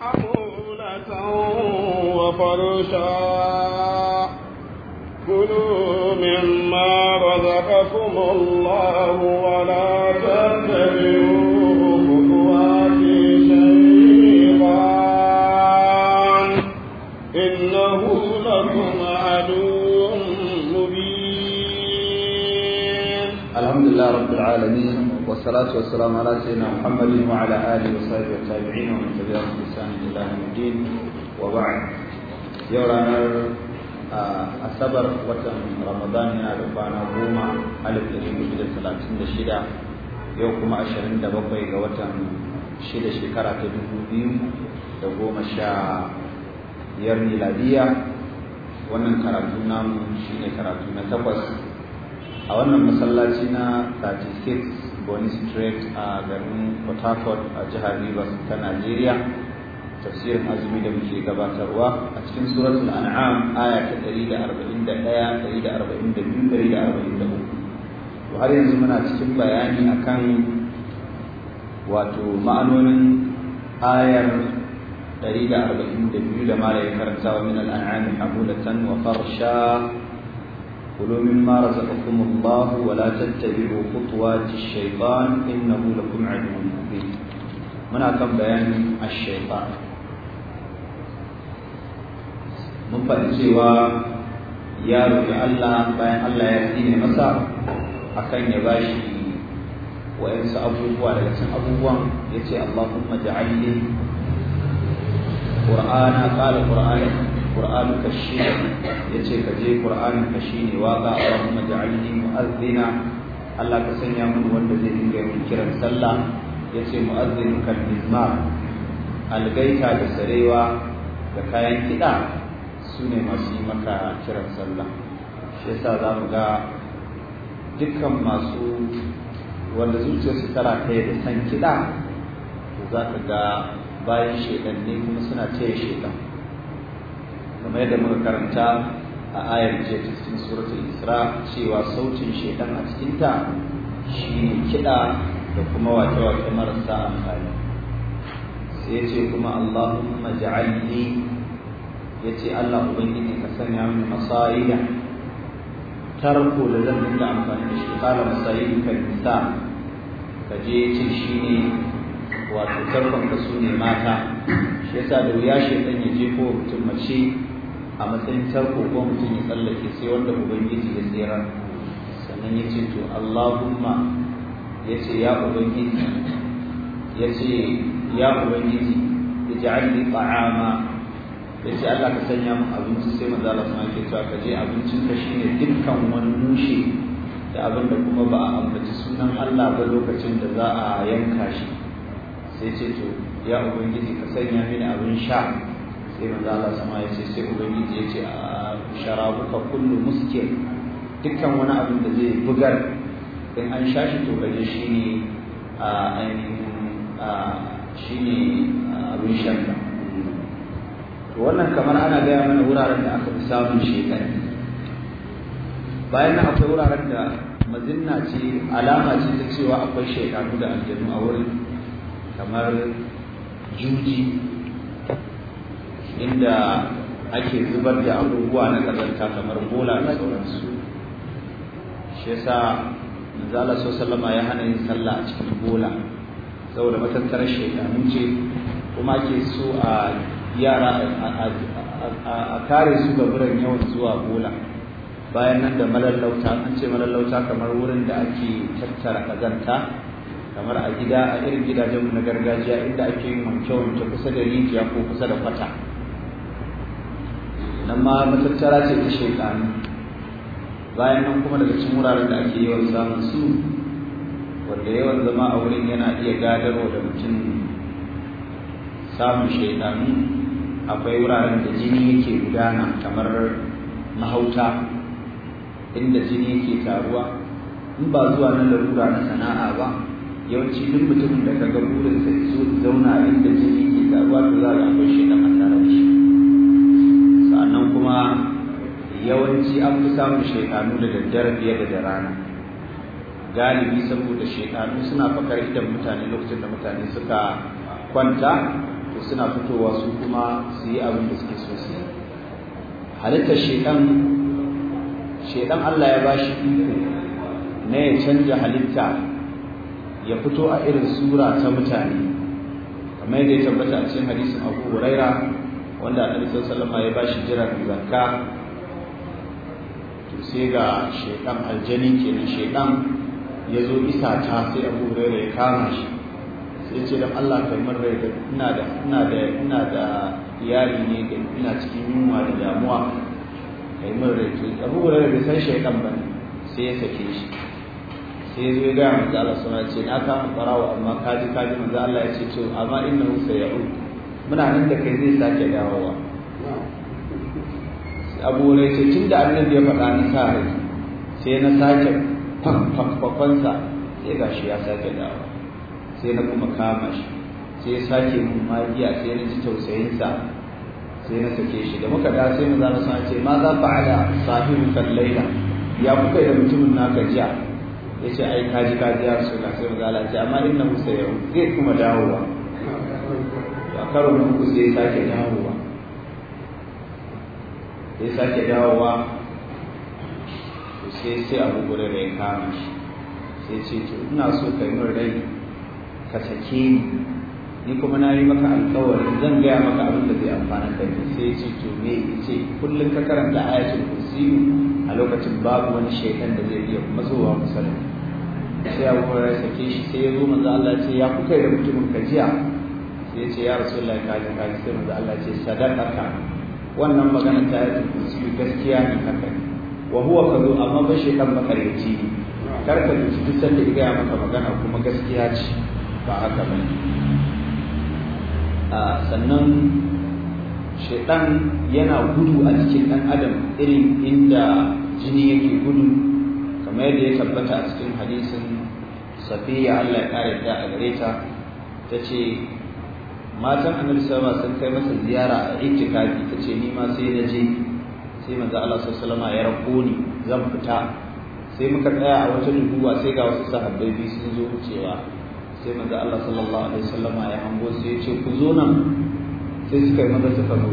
حمولة وفرشا كلوا مما رزقكم الله ولا تتبعوا خطوات شيطان إنه لكم عدو مبين الحمد لله رب العالمين والصلاة والسلام على سيدنا محمد وعلى آله وصحبه والتابعين ومن تبعهم بإحسان إلى يوم الدين وبعد يورانا asabar watan ramadan yana da kwana goma alif da dubu da talatin da shida yau kuma ashirin da bakwai ga watan shida shekara ta dubu biyu da goma sha biyar miladiya wannan karatu shine karatu takwas a wannan masallaci na 36 Boni Strait a garin Port Harcourt a jihar Rivers ta Najeriya tafsirin azumi da muke gabatarwa a cikin suratul an'am aya ta 141 142 143 Wa har yanzu muna cikin bayani akan wato ma'anonin ayar 142 da mala ya karanta wa min al-an'am hamulatan wa farsha كلوا مما رزقكم الله ولا تتبعوا خطوات الشيطان إنه لكم عدو مبين من أكم بيان الشيطان من فأنسوا يا رب الله بيان الله يهديني مسا أكن يباشي وإنس أبوه ولكن أبوه يتي اللهم اجعل لي قرآنا قال قرآنا قرآن كشيني يتي كجي قرآن كشيني واقع اللهم اجعلني مؤذنا الله كسن يا من وند زي من كيران صلى يتي مؤذن كالمزمار da بسريوا كاين كدا سune masu yi maka kiran sallah shi yasa za mu ga dukkan masu wanda zuciyarsu tara ta da san kiɗa to za ka ga bayan shaidan ne kuma suna taya shaidan kamar yadda muka karanta a ayar ce ta cikin suratul isra cewa sautin shaitan a cikinta ta shine kiɗa da kuma wake-wake marasa amfani sai ce kuma Allahumma ja'alni ya ce Allah ubangiji ka sanya mini masariya tarko da zan dinga amfani da shi kala masariya kan nisa ka je ce ne wato tarkon ka su ne mata shi yasa da wuya shaitan ya je ko mutum mace a matsayin tarko ko mutum ya tsallake sai wanda ubangiji ya tsira sannan ya ce to allahumma ya ce ya ubangiji ya ce ya ubangiji ya ji alli ta'ama ya ce allah ka sanya min abinci sai maza allah sama ke cewa ka je abincin ka shine dukkan wani mushe da abin da kuma ba a ambaci sunan allah ba lokacin da za a yanka shi sai ce to ya ubangiji ka sanya mini abin sha sai manzo Allah sama ya ce sai ubangiji ya ce a sharabuka kullu muskir dukkan wani abin da zai bugar in an sha shi to gaje shine a ainihin abin shan to wannan kamar ana gaya mana wuraren da aka fi samun shekaru. bayan nan akwai wuraren da mazinna ce alama ce ta cewa akwai shekaru da aljanu a wurin kamar juji inda ake zubar da abubuwa na ƙazanta kamar bola da sauransu shi yasa zala so sallama ya hana yin sallah a cikin bola saboda matattarar shekaru ce kuma ke so a yara a kare su ga wurin yawan zuwa bola bayan nan da malallauta an ce malallauta kamar wurin da ake tattara ƙazanta kamar a gida a irin gidajenmu na gargajiya inda ake yin wanke-wanke kusa da rijiya ko kusa da kwata nan ma matattara ce ta shekaru bayan nan kuma daga cikin wuraren da ake yawan samun su wanda yawan zama a wurin yana iya gadarwa da mutum samun shekaru akwai wuraren da jini yake gudana kamar mahauta inda jini yake taruwa in ba zuwa nan da larura na sana'a ba yawanci duk mutumin da ga burinsa ya zo zauna inda jini yake taruwa to za a akwai fi samun shaitanu da daddare fiye da da rana galibi saboda shaitanu suna fakar idan mutane lokacin da mutane suka kwanta to suna fitowa su kuma su yi abin da suke so su yi halittar shekan shekan Allah ya bashi iko na ya canja halitta ya fito a irin sura ta mutane kamar yadda ya tabbata a cikin hadisin Abu Huraira wanda a sallallahu alaihi wasallam ya bashi jiran zakka to sai ga shekan aljani kenan shekan ya zo isa ta sai abu hurairah ya kama shi sai ce don Allah kai min rai da ina da ina da ina da iyali ne da ina cikin yunwa da damuwa kai min rai ke abu hurairah da san shekan ba sai ya sake shi sai zai gaya manzo Allah sama ce na kama farawa amma kaji kaji manzo Allah ya ce to amma innahu sayau muna nan da kai zai sake dawowa abu ce tun da annabi ya faɗa na sa rai sai na sake fafafafansa sai ga shi ya sake dawo sai na kuma kama shi sai ya sake mun magiya sai na ji tausayinsa sai na sake shi da muka da sai mu zama sun ce ma za fa ala sahibu kallaila ya kuka da mutumin naka jiya ya ce ai kaji kaji ya su na sai mu zala ce amma inna musa yau zai kuma dawowa karo mun ku sai sake dawowa sai sake dawowa sai sai abu gurin da ya kama shi sai ce to ina so ka yi min rai ka sake ni ni kuma na yi maka alkawarin zan gaya maka abin da zai amfana da ni sai ce to me ce kullum ka karanta ayatul kursi a lokacin babu wani shaitan da zai iya matsowa kusa sai abu ya sake shi sai ya zo manzo Allah ya ce ya kuka da mutumin kajiya sai ya ce ya rasulullahi kaji kaji sai manzo Allah ya ce sadaqaka wannan magana ta yi kursi gaskiya ne haka wa huwa kazo amma ba shi kan makarici ne kar ka duk sanda ya gaya maka magana kuma gaskiya ce ba haka ba ne sannan shaitan yana gudu a cikin ɗan adam irin inda jini yake gudu kamar yadda ya tabbata a cikin hadisin safiya Allah ya kare ta a gare ta ta ce matan annabi sallallahu sun kai masa ziyara a ittikafi tace ni ma sai na je sai manzo Allah sallallahu ya rako ni zan fita sai muka tsaya a wata dubuwa sai ga wasu sahabbai biyu sun zo wucewa sai manzo Allah sallallahu alaihi wasallam ya hango sai ya ce ku zo nan sai suka yi maza suka zo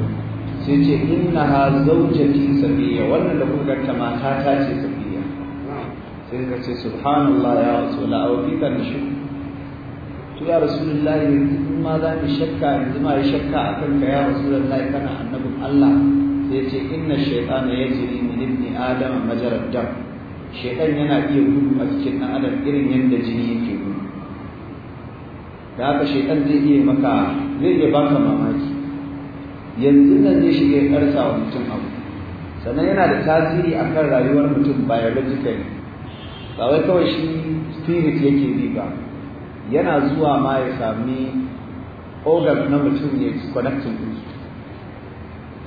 sai ce inna ha zaujati safiya wannan da kuka ganta mata ta ce safiya sai ka ce subhanallah ya rasulullah wa fika nashuk to ya rasulullahi yanzu in ma za mu shakka yanzu ma yi shakka a kan ka ya rasulullahi kana annabin Allah sai ya ce inna shaytana yajri min ibni adama majarad dam shaytan yana iya gudu a cikin dan adam irin yadda jini yake gudu da haka shaytan zai iya maka zai iya baka mamaki yanzu nan zai shiga ya karsa wa mutum abu sannan yana da tasiri akan rayuwar mutum biologically ba wai kawai shi spirit yake bi ba yana zuwa ma ya sami ogar na mutum ya connecting din su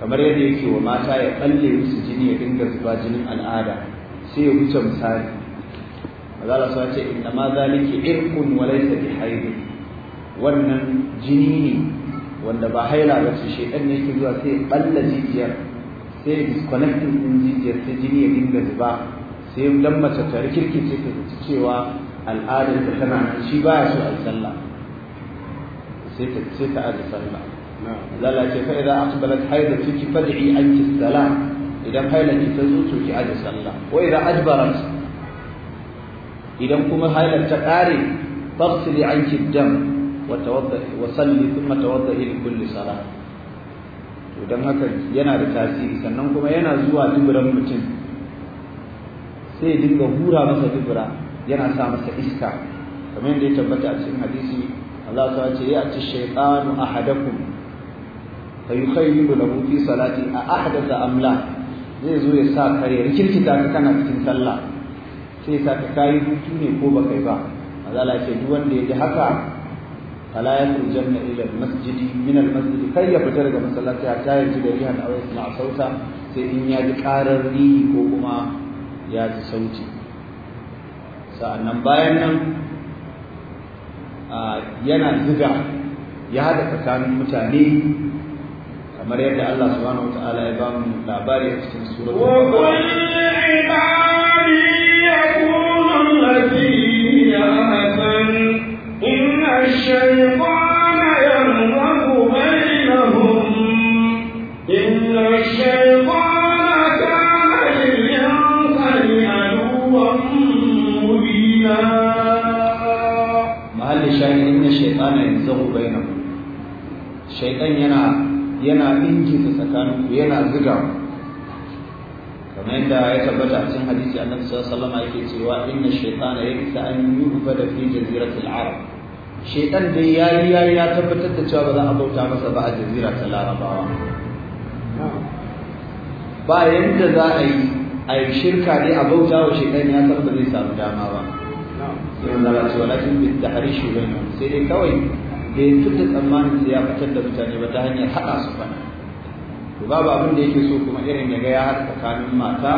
kamar yadda yake wa mata ya tsalle musu jini ya dinga zuba jinin al'ada sai ya wuce misali Allah sa ce inna ma zalika irqun wa laysa bihayd wannan jini ne wanda ba haila ba ce shedan ne yake zuwa sai ya balla jijiyar sai disconnecting din jijiyar sai jini ya dinga zuba sai dan mace ta rikirkice ta cewa al'adar ta tana shi baya so a sallah sai ta sai sallah Allah ce fa idan aqbalat haidatu ki fad'i anki salam idan hailaki ta zo to ki aje sallah ko idan adbarat idan kuma hailar ta kare faghsili anki dam wa tawaddahi wa salli thumma tawaddahi li kulli salah to dan haka yana da tasiri sannan kuma yana zuwa duburan mutum sai dinga hura masa dubura yana sa masa iska kamar yadda ya tabbata a cikin hadisi Allah ta ce ya ci shaytanu ahadakum fa yukhayyilu lahu fi salati a ahdatha amla zai zo ya sa kare rikirkita ka kana cikin sallah sai sa ka kai hutu ne ko ba. kai ba Allah ya ce duk wanda ya ji haka فلا masjid min al masjid kai ya يفتا daga masallaci ta ji da rihan aw yasma sauta sai in ya ji karar rihi ko kuma ya ji sauti sa'annan bayan nan yana zuga ya haɗa tsakanin mutane kamar yadda Allah subhanahu wataala ya ba mu labari a cikin suratul Thank you. shaitan yana yana ingiza tsakanin ku yana ziga kamar yadda ya tabbata cikin hadisi annabi sallallahu alaihi wasallam yake cewa inna shaytana yaksa an yu'bada fi jaziratil arab shaitan dai yayi yayi ya tabbatar da cewa ba za a bauta masa ba a jazira ta larabawa ba yadda za a yi a yi shirka ne a bauta wa shaitan ya san ba zai samu dama ba sai wanda ya ce walakin bi tahrishu bainahum sai dai kawai bai fita tsammanin da ya fitar da mutane ba ta hanyar haɗa su ba to babu abin da yake so kuma irin ya ga ya haɗa tsakanin mata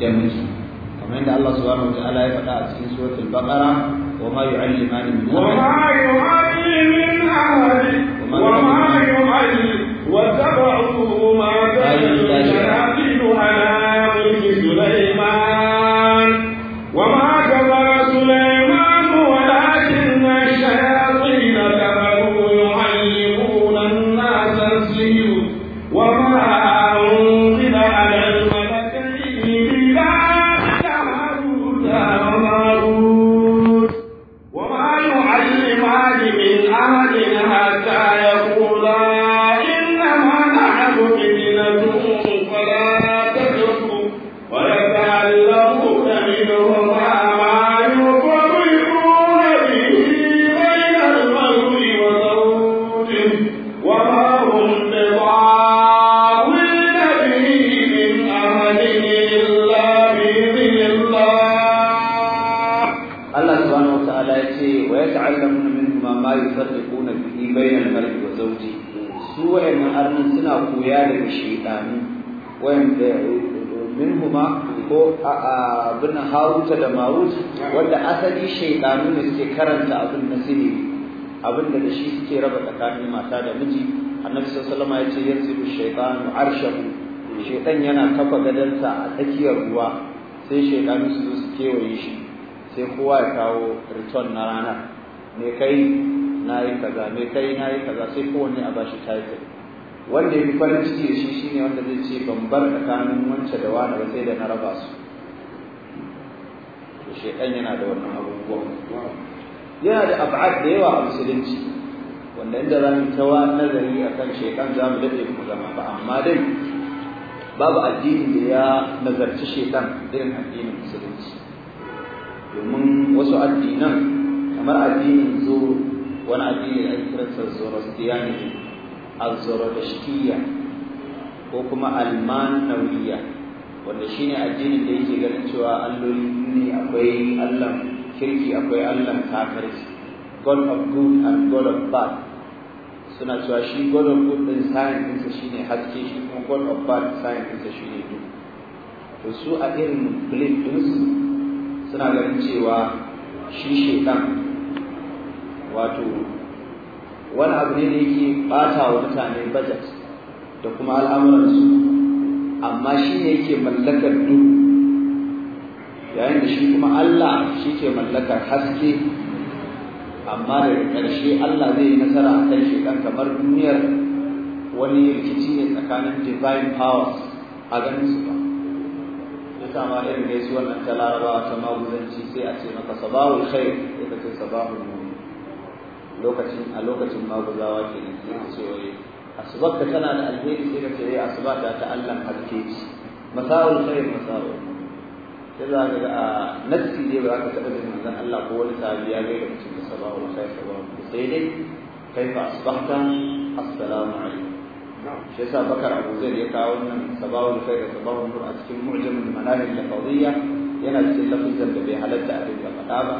da miji kamar yadda Allah subhanahu wa ta'ala ya faɗa a cikin suratul baqara wa ma yu'allimani min wa ma yu'allimani ahadi wa ma yu'allimani wa tabu'u ma ta'allimani subhanahu wataala ya ce wa yata'allamuna minhuma ma yufarriquna bihi bainal mar'i wa zawji su wayannan arnin suna koya daga shaytanu wayanda minhuma ko abin haruta da marut wanda asali shaytanu ne suke karanta abin nasiri abin da da shi suke raba tsakanin mata da miji annabi sallallahu ya ce yanzu shaytanu arshahu shaytan yana kafa gadansa a tsakiyar ruwa sai shaytanu zo su kewaye shi sai kowa ya kawo return na ranar me kai na yi kaza me kai na yi kaza sai kowanne a bashi title wanda ya fi farin ciki da shi ne wanda zai ce ban bar tsakanin wance da wani ba sai da na raba su to shekan yana da wannan abubuwan yana da ab'ad da yawa a musulunci wanda inda za mu tawa nazari kan shekan za mu daɗe mu zama ba amma dai babu addini da ya nazarci shekan irin addinin musulunci domin wasu addinan kamar addinin zoro wani addini a kiransa zoroastrianism Azorodashkiya zoroastriya ko kuma almanawiya wanda shine addinin da yake ganin cewa alloli ne akwai allan kirki akwai allan kafirci god of good and god of bad suna cewa shi god of good din science ɗinsa shine haske shi kuma god of bad science ɗinsa shine duk to su a irin belief ɗinsu suna ganin cewa shi shekan wato wani abu ne da yake bata wa mutane budget da kuma al'amuransu amma shi ne yake mallakar duk yayin da shi kuma Allah shi ke mallakar haske amma daga ƙarshe Allah zai yi nasara a kan shekan kamar duniyar wani rikici ne tsakanin divine powers a ganin su ba sama irin gaisuwar nan ta larabawa ta maguzanci sai a ce maka sabahu khair sai ka ce sabahu mu'min lokacin a lokacin maguzawa ke nan sai ka ce wai asubar ka tana da alheri sai ka ce wai asuba ta ta Allah haske shi masahul khair masahul sai za ka ga a nassi dai ba za ka taba jin manzon Allah ko wani sahabi ya ga mutum da sabahul khair sabahul sai dai kai kaifa asbahta assalamu alaikum shi yasa bakar abu zai ya kawo wannan sabawul da sabawul nur a cikin mu'jamul manaril lafadiyya yana cikin lafizan da bai halatta a rinka faɗa ba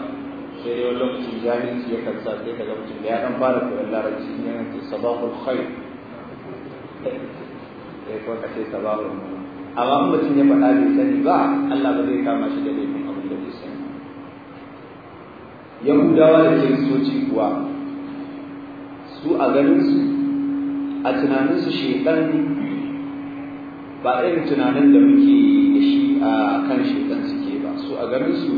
sai dai lokacin jahilci ya kansa sai kaga mutum da ya dan fara koyon larabci ne yana cikin sabawul khair sai eh, ko ka ce sabawul nur amma in mutum ya faɗa bai sani ba Allah ba zai kama shi da laifin abin da bai sani yahudawa da kiristoci kuwa su a ganin su a tunaninsu shekan ba irin tunanin da muke da shi a kan shekan suke ba su a su.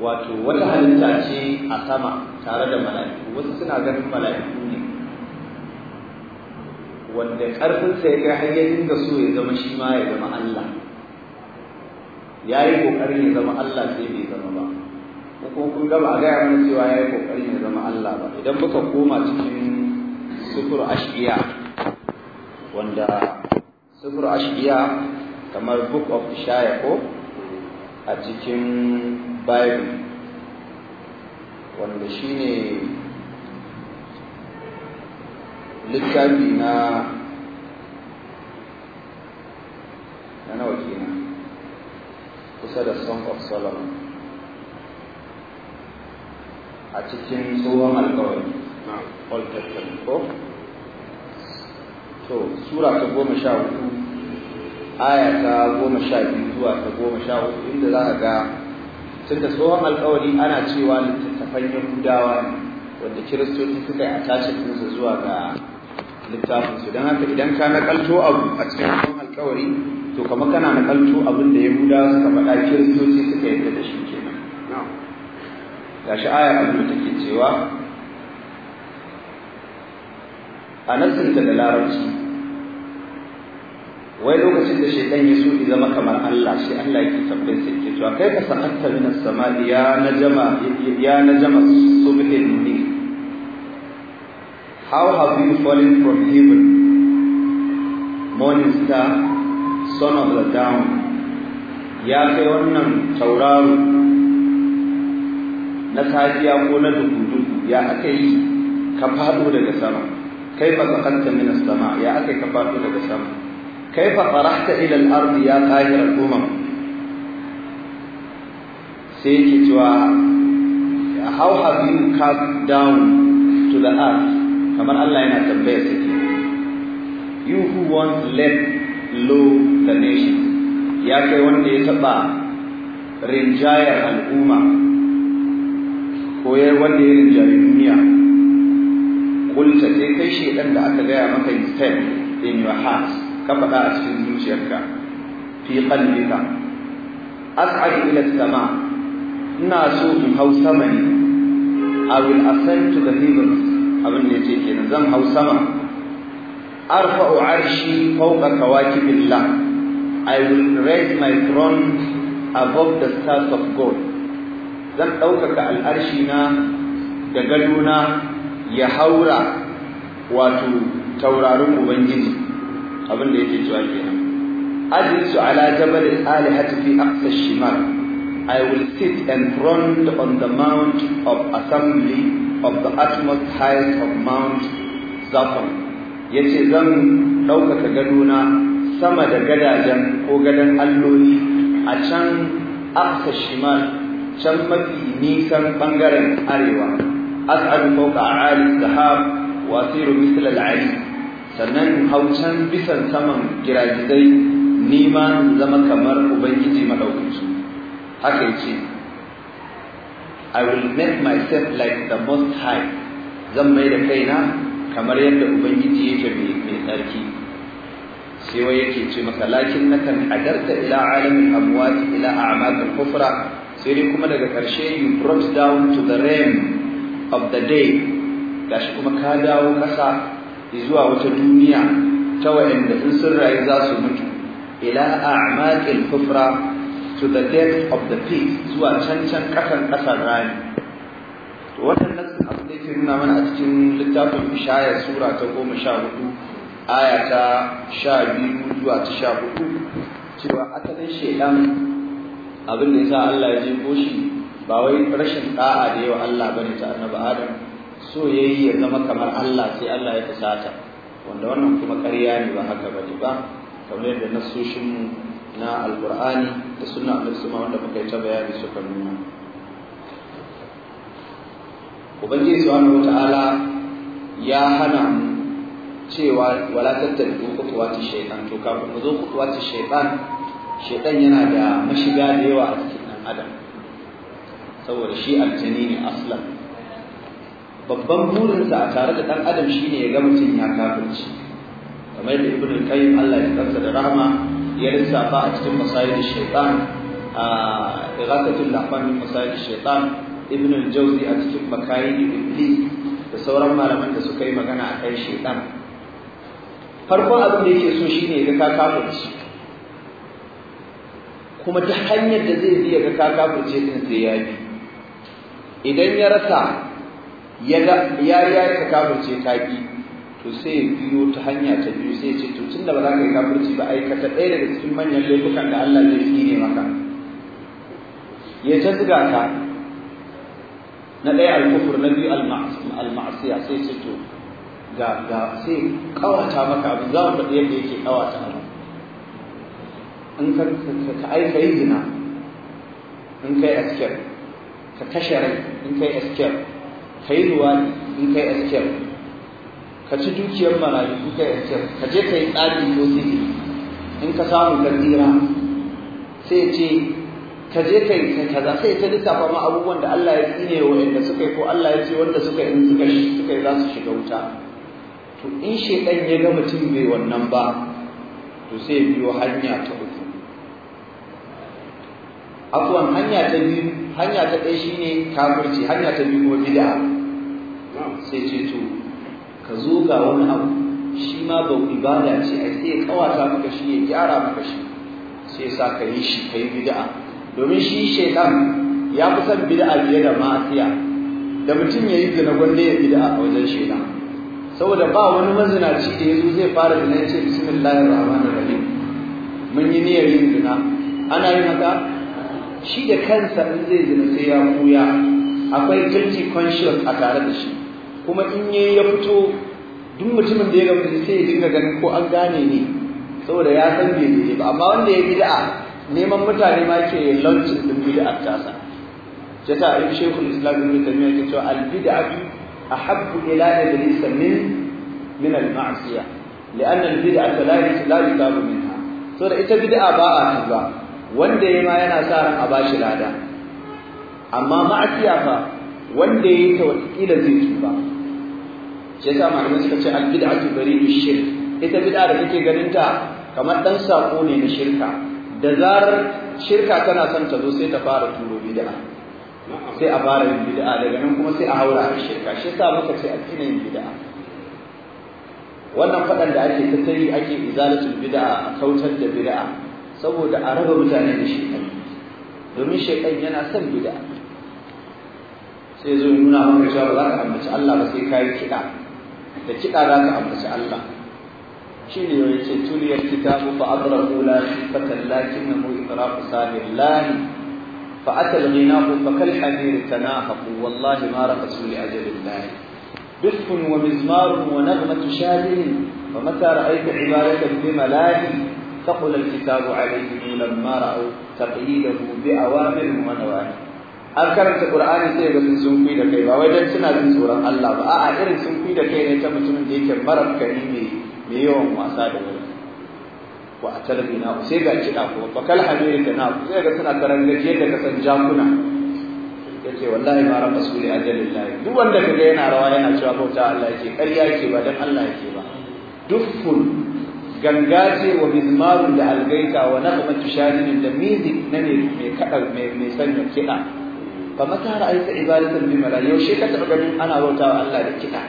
wato wata halitta ce a sama tare da mala'iku wasu suna ganin mala'iku ne wanda ƙarfinsa ya kai hanyar ya so ya zama shi ma ya zama Allah ya yi ƙoƙarin ya zama Allah sai bai zama ba ko kun gaba a gaya mana cewa ya yi ƙoƙarin ya zama Allah ba idan muka koma cikin sufur ashiya wanda sufur ashiya kamar book of ishaya ko a cikin bible wanda shine littafi na na nawa kenan kusa da song of solomon a cikin tsohon alkawari old testament ko to aya ta goma sha biyu zuwa ta goma sha hudu inda za ka ga tun tsohon alkawari ana cewa littattafan yahudawa ne wanda kiristoci suka yi a tashin zuwa ga littafinsu don haka idan ka nakalto abu a cikin tsohon alkawari to kama kana nakalto abin da yahudawa suka faɗa kiristoci suka yarda da shi kenan shi aya abin da take cewa a sun da larabci wai lokacin da shaitan ya so ya zama kamar Allah shi Allah yake tabbai sai ke zuwa kai ka sa'atta min as-samai ya najama ya najama ni how have you fallen from heaven morning star son of the dawn ya kai wannan tauraro na safiya ko na dubu ya aka yi ka fado daga sama kaifa sakanta min as-sama ya akai ka fado daga sama kaifa farahta ila al-ardi ya qahir al-umam sai yake cewa how have you come down to the earth kamar Allah yana tambaya su ke you who once let low the nation ya kai wanda ya taba rinjayar al'umma ko wanda ya rinjayi duniya kulta ke kai shedan da aka gaya maka instead in your heart ka faɗa a cikin zuciyarka fi qalbika as'adu ila sama ina so in hau sama ne i will ascend to the heavens abin da yake kenan zan hau sama arfa'u arshi fawqa kawakibillah i will raise my throne above the stars of god zan ɗaukaka al'arshi na da na. ya haura wato taurarin ubangiji abin da yake cewa kenan ajinsu ala jabal al-alihati fi aqsa shimal i will sit and front on the mount of assembly of the utmost height of mount zafar yace zan ɗaukaka gadona sama da gadajen ko gadon alloli a can aqsa shimal can mafi nisan bangaren arewa as'alu fawqa a'ali sahab wa asiru misla al-ali sannan haucan bisan saman giragizai ni ma zama kamar ubangiji madaukakin haka yace I will make myself like the most high zan mai da kaina kamar yadda ubangiji yake mai tsarki sai wai yake ce maka lakin nakan adarta ila alamin amwat ila a'mal al-kufra sai dai kuma daga ƙarshe you brought down to the realm of the day gashi kuma ka dawo kasa zuwa wata duniya ta wayanda in sun rayu za su mutu ila a'maqil kufra to the depth of the pit zuwa cancan can kasan kasan rani to wannan abu da yake nuna mana a cikin littafin ishaya sura ta goma sha hudu aya ta sha biyu zuwa ta sha hudu cewa asalin shaidan abin da ya Allah ya jefo shi ba wai rashin da'a da yawa Allah bane ta annabi Adam so yayi ya zama kamar Allah sai Allah ya fusata wanda wannan kuma ƙarya ne ba haka bane ba kamar yadda nasoshin na alqur'ani da sunna annabi ma wanda muka yi ta bayani su kan nuna ubangiji subhanahu wataala ya hana cewa wala tattabi'u khutuwati shaytan to kafin mu zo khutuwati shaytan shaytan yana da mashiga da yawa a cikin adam saboda shi aljani ne aslan babban burinsa a tare da ɗan adam shine ya ga mutum ya kafirci kamar da ibn al-qayyim Allah ya kansa da rahama ya lissafa a cikin masail shaytan a iraqatul lahfan min shaytan ibn al-jawzi a cikin makayin iblis da sauran malaman da suka yi magana a akan shaytan farkon abin da yake so shine ya ga kafirci kuma ta hanyar da zai biya ga kafirci din sai ya yi idan ya rasa ya ya ka kafirce ta ki to sai biyo ta hanya ta biyo sai ce to tunda ba za ka yi kafirci ba ta ɗaya daga cikin manyan laifukan da Allah zai tsine maka ya ta zuga ka na ɗaya alkufur na biyu ya sai ce to ga ga sai kawata maka abu za mu faɗi yadda yake kawata maka in ka ka aika yi gina in kai askiyar ka kashe rai in kai askiyar ka yi luwani in kai askiyar ka ci dukiyar marayu in kai askiyar ka je ka yi tsari ko sisi in ka samu gandira sai ce ka je ka yi kaza sai ta lissafa ma abubuwan da Allah ya tsine wa yadda suka yi ko Allah ya ce wanda suka yi in suka yi za su shiga wuta to in shekan ya ga mutum bai wannan ba to sai biyo hanya ta uku afuwan hanya ta biyu hanya ta ɗaya ne kafirci hanya ta biyu kuma bid'a sai ce to ka zo ga wani abu shi ma ba ibada ce a sai kawata maka shi ya gyara maka shi sai sa ka yi shi kai bid'a domin shi shaitan ya fi son bid'a fiye da mafiya da mutum ya yi zina gwanda ya bid'a a wajen shaitan saboda ba wani mazinaci da ya zo zai fara zina ya ce bismillahir rahmanir rahim mun yi niyyar yin zina ana yin haka shi da kansa in zai zina sai ya kuya akwai guilty conscience a tare da shi kuma in yayi ya fito duk mutumin da ya gaba da sai ya dinga ganin ko an gane ne saboda ya san bai daidai ba amma wanda ya bid'a neman mutane ma ke launcin din bid'a tasa jata ibn shaykhul islam ibn tamiya ke cewa al bid'atu ahabbu ila iblis min min al ma'siyah لأن البدعة لا لا يتاب منها. سورة إذا بدعة باء تبا wanda ya ma yana sa ran a bashi lada amma ma'asiya fa wanda ya yi ta watakila zai tuba shi yasa suka ce al bid'atu baridu shirk ita bid'a da kake ganin ta kamar dan sako ne na shirka da zarar shirka tana son ta zo sai ta fara turo bid'a sai a fara yin bid'a daga nan kuma sai a haura a shirka shi yasa muka ce addinin bid'a wannan faɗan da ake ta ake izalatul bid'a kautar da bid'a saboda a raba mutane da shekai domin shekai yana son bida sai zo nuna maka cewa ba za ka ambaci Allah ba sai ka yi kiɗa da kiɗa za ka ambaci Allah shi ne ya ce tuliyar kitabu fa abrahu la sifatan lakinnahu iqra'u sabillahi فأتى الغناء فكالحمير تناهق والله ما رقصوا لأجل الله دف ومزمار ونغمة شادر فمتى رأيت عبادة بملاهي ثقل الكتاب عليهم لما رأوا تقييده بأوامر ونواهي an karanta Qur'ani sai ga sun sun da kai ba wai dan suna jin tsoron Allah ba a'a irin sun da kai ne ta mutumin da yake marar kari mai yawan wasa da wani wa atalbina sai ga kiɗa ko bakal hamiri na sai ga suna karangaje yadda ka san jakuna yace wallahi ma rabba suli ajalillahi duk wanda kaga yana rawa yana cewa bauta Allah ke, ƙarya ke ba dan Allah ke ba duffun ganga ce wa mizmarun da algaita wa naqmatu sharinin da music na ne mai kada mai sanya kiɗa ba mata ra'aita ibadatan bi mala yaushe ka taɓa ganin ana wa Allah da kiɗa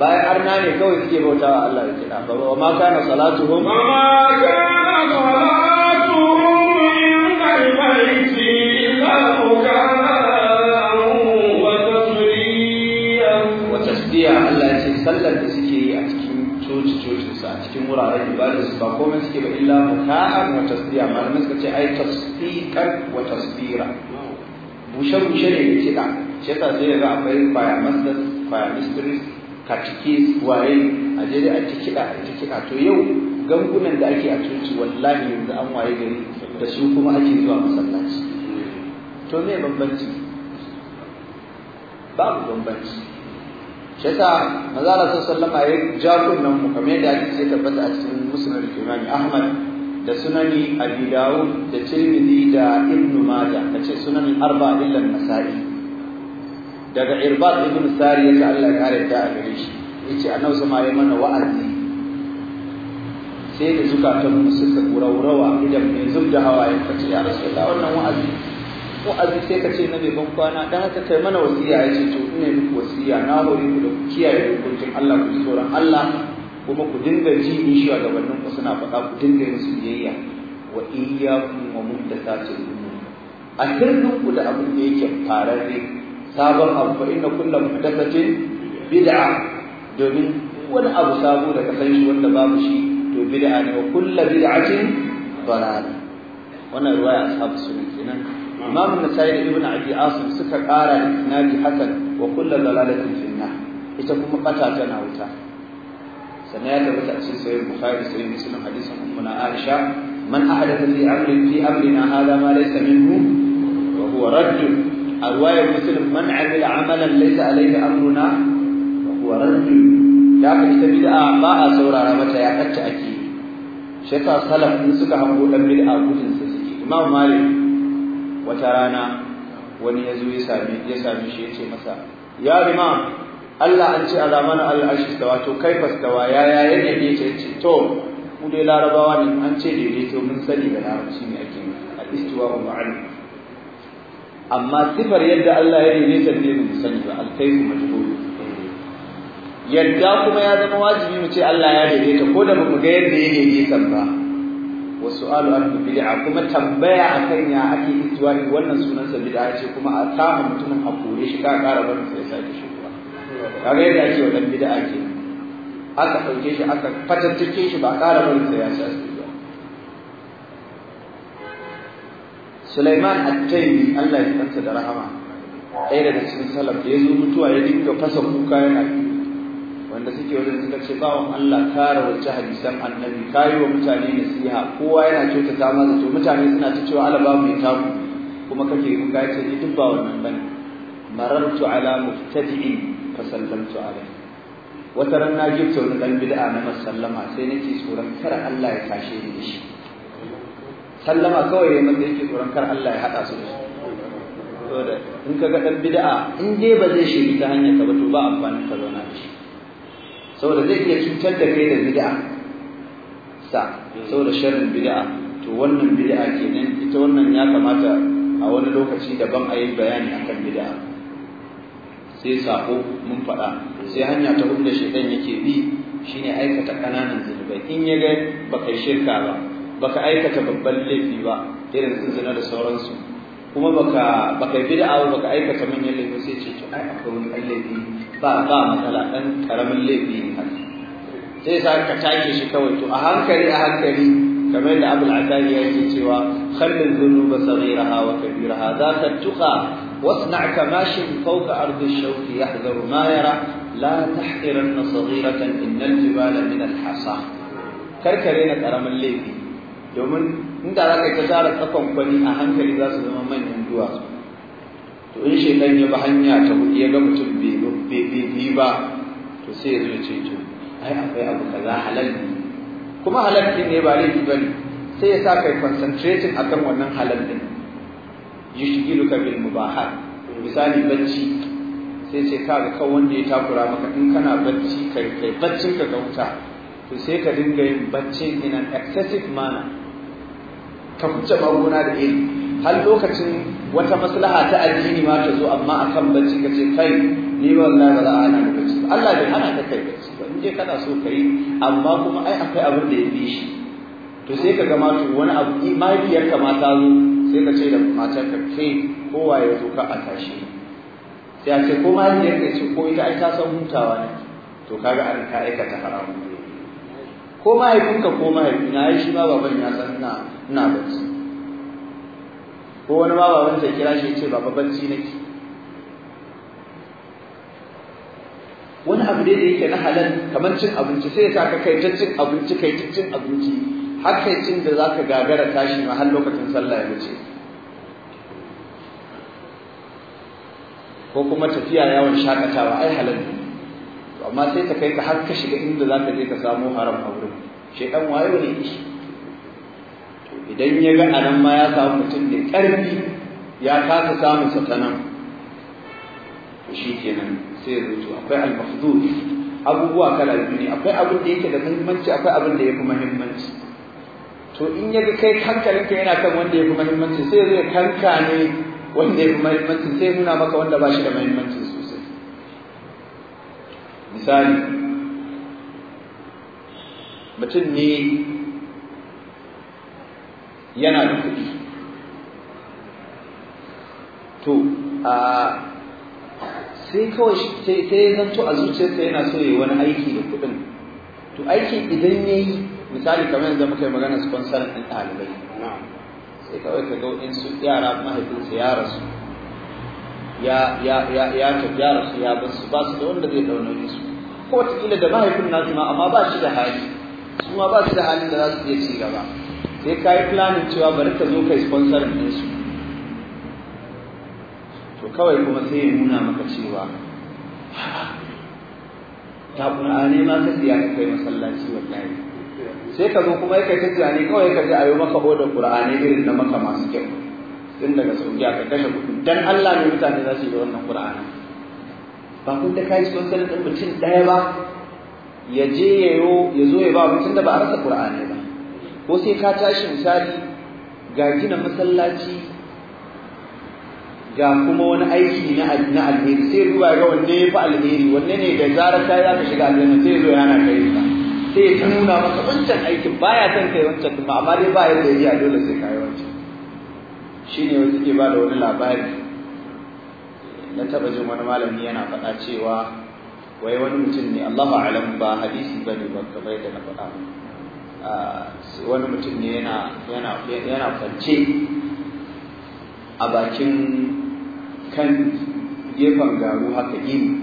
bayan arna ne kawai suke bautawa Allah da kiɗa ba wa ma kana salatuhum ma kana ba komai suke ba illa muta'an wa tasdiya malamai suka ce ai tasdiqan wa tasdira bushe bushe ne ke da shi ta sai ga akwai fire masters fire mysteries katikis waye a jere a ci kiɗa a ci to yau gangunan da ake a cuci wallahi yanzu an waye gari da su kuma ake zuwa masallaci to me bambanci babu bambanci shi ta manzo Allah sallallahu alaihi ya mu kamar yadda ake ce tabbata a cikin musulmi imam ahmad da sunani abi dawud da tirmidhi da ibnu majah kace sunan arba illa nasai daga irbad ibn sari yace Allah ya kare ta a gare shi yace annabi sama ya mana wa'azi sai da ta mun suka gurawurawa idan mai zub da hawaye kace ya rasulullah wannan wa'azi wa'azi sai ka ce na bai ban kwana dan haka kai mana wasiya yace to ina muku wasiya na hore ku da kiyaye hukuncin Allah ku tsoron Allah kuma ku dinga ji in shi gabanin ku suna faɗa ku dinga yin biyayya wa iyyakum wa muhdathatil umur a kirkin ku da abin da yake fararre sabon abu fa inna kullu muhdathatin bid'a domin wani abu sabo da ka san shi wanda babu shi to bid'a ne wa kullu bid'atin dalal wannan ruwaya ashabu sunan kenan imam an-nasai da ibnu abi asim suka ƙara da isnadi hasan wa kullu dalalatin fi ita kuma bata tana wuta sannan ya tabbata a cikin sahih bukhari sahih muslim hadisin ummu na aisha man ahdatha fi amri fi amrina hadha ma laysa wa huwa radd arwaya muslim man amila amalan laysa wa da ka ita bid'a ba a saurara mata ya kacce ake shekara salaf in suka hango dan bid'a gudun sa suke imam malik wata rana wani ya zo ya same shi ya ce masa ya imam Allah an ce a zamana al'arshi da to kai fastawa ya ya yadda ne ce ce to mu dai larabawa ne an ce daidaito mun sani da larabci ne ake al-istiwa wa ma'ani amma sifar yadda Allah ya daidaita ne mun sani ba al-kayfu majhul yadda kuma ya zama wajibi mu ce Allah ya daidaita ko da mu ga yadda ya daidaita ba wa su'alu an bid'a kuma tambaya akan ya ake istiwa wannan sunan sabida bid'a ce kuma a kama mutumin a kore shi ka kara barin sai ya sake shi kaga yadda ake wannan bid'a aka dauke shi aka fatattake shi ba ƙara barin sa ya sa ba Sulaiman At-Taymi Allah ya kanta da rahama ɗaya daga cikin salaf ya zo mutuwa ya dinga fasa kuka yana wanda suke wajen suka ce wani Allah kare wacce hadisan annabi kayi wa mutane nasiha kowa yana ta masa to mutane suna ta cewa Allah babu mai taku kuma kake kuka ce ni duk ba wannan bane marartu ala muftadi'in fasallamtu alai wata ran na gifta wani dan bid'a na masallama sai nake tsoron kar Allah ya tashe ni shi sallama kawai ne mun yake tsoron kar Allah ya hada su da shi saboda in kaga dan bid'a in je ba zai shiga ta hanyar ka ba to ba amfani ka zauna da shi saboda zai iya cutar da kai da bid'a sa saboda sharrin bid'a to wannan bid'a kenan ita wannan ya kamata a wani lokaci daban a yi bayani akan bid'a sai sako mun faɗa sai hanya ta hudu da shedan yake bi shine aikata ƙananan zunubai in ya ga baka shirka ba baka aikata babban laifi ba irin sun zina da sauransu kuma baka baka da ba baka aikata manyan laifi sai ce to ai akwai wani ɗan laifi ba ba matsala ɗan ƙaramin laifi ne haka sai sa ka take shi kawai to a hankali a hankali kamar da Abul Atani yake cewa khallil dhunuba saghiraha wa kabiraha ka tuqa واصنع كماش فوق أرض الشوك يحذر ما يرى لا تحقرن صغيرة إن الجبال من الحصى كركرين كرم الليل domin in da za ka yi ta tara tsakon kwani a hankali za su zama manyan duwatsu to in shekan ya ba hanya ta hudu ya ga mutum bai ba to sai ya zo ce to ai akwai abu kaza halal ne kuma halal ne ba laifi ba ne sai ya sa kai concentrating akan wannan halal yushghiluka bil mubahat misali bacci sai ce kaga kan wanda ya takura maka in kana bacci kai kai baccin ka gauta to sai ka dinga yin bacci in an excessive manner ka kuce maguna da iri har lokacin wata maslaha ta addini ma ta zo amma akan bacci ka ce kai ni wallahi ba za a hana da bacci Allah bai hana ka kai bacci ba in je kana so kai amma kuma ai akwai abin da ya bi shi to sai ka ga ma wani abu mahaifiyarka ma ta zo sai ka ce da ka ke kowa ya zo ka a tashi. sai a ce ko yadda yake ce ko ita ai ta san hutawa ne to kaga an ka aikata haramun ko ka ko mahaifina ai shi ma baban ya san ina ina bacci ko wani ma baban ta kira shi ce baba bacci nake wani abu dai da yake na halal kamar cin abinci sai ya ka kai ta cin abinci kai ta cin abinci har kai cin da zaka gagara tashi ma har lokacin sallah ya wuce ko kuma tafiya yawon shakatawa ai halal ne amma sai ta kai ka har ka shiga inda zaka je ka samu haram a wurin shi dan wayo ne to idan ya ga anan ma ya samu mutum da karfi ya kasa samun nan to shikenan sai ya zo akwai al-mahdud abubuwa kala biyu ne akwai abin da yake da muhimmanci akwai abin da yake muhimmanci to in ya ga kai ka yana kan wanda ya fi mahimmanci sai zai kanka ne wanda ya fi mahimmanci sai nuna maka wanda ba shi da mahimmanci sosai misali mutum ne yana da kuɗi to a sai kawai sai ya zanto a zuciyarsa yana so ya yi wani aiki da kuɗin to aiki idan ya yi misali kamar yanzu muka yi magana sponsor ɗin ɗalibai sai kawai ka ga su yara mahaifinsu ya rasu ya ya ya ya rasu ya bar su ba su da wanda zai ɗaunaki su ko wataƙila da mahaifin nasu ma amma ba shi da hali su ma ba su da halin da za su iya ci gaba sai ka yi planning cewa bari ka zo kai sponsor ɗin su to kawai kuma sai ya nuna maka cewa ta kuma a nema ka siya ka kai masallaci wallahi sai ka zo kuma yake tattara ne kawai ka ji ayo maka odar qur'ani irin na maka masu kyau tun daga ka kashe dan Allah ne mutane za su yi wannan qur'ani ba kun da kai son sanin mutum ɗaya ba ya je yo ya zo ya ba mutum da ba a rasa qur'ani ba ko sai ka tashi misali ga gina masallaci ga kuma wani aiki na na alheri sai ruwa ga wanne ya fi alheri wanne ne da zarar ka za ka shiga alheri sai zo yana kai ka sai ya nuna maka wancan aikin baya son kai wancan kuma amma dai ba yadda a dole sai kai wancan Shi ne wasu ke ba da wani labari na taba jin wani malami yana faɗa cewa wai wani mutum ne Allahu alam ba hadisi bane ba kamar da na faɗa wani mutum ne yana yana yana kwance a bakin kan gefen garu haka gini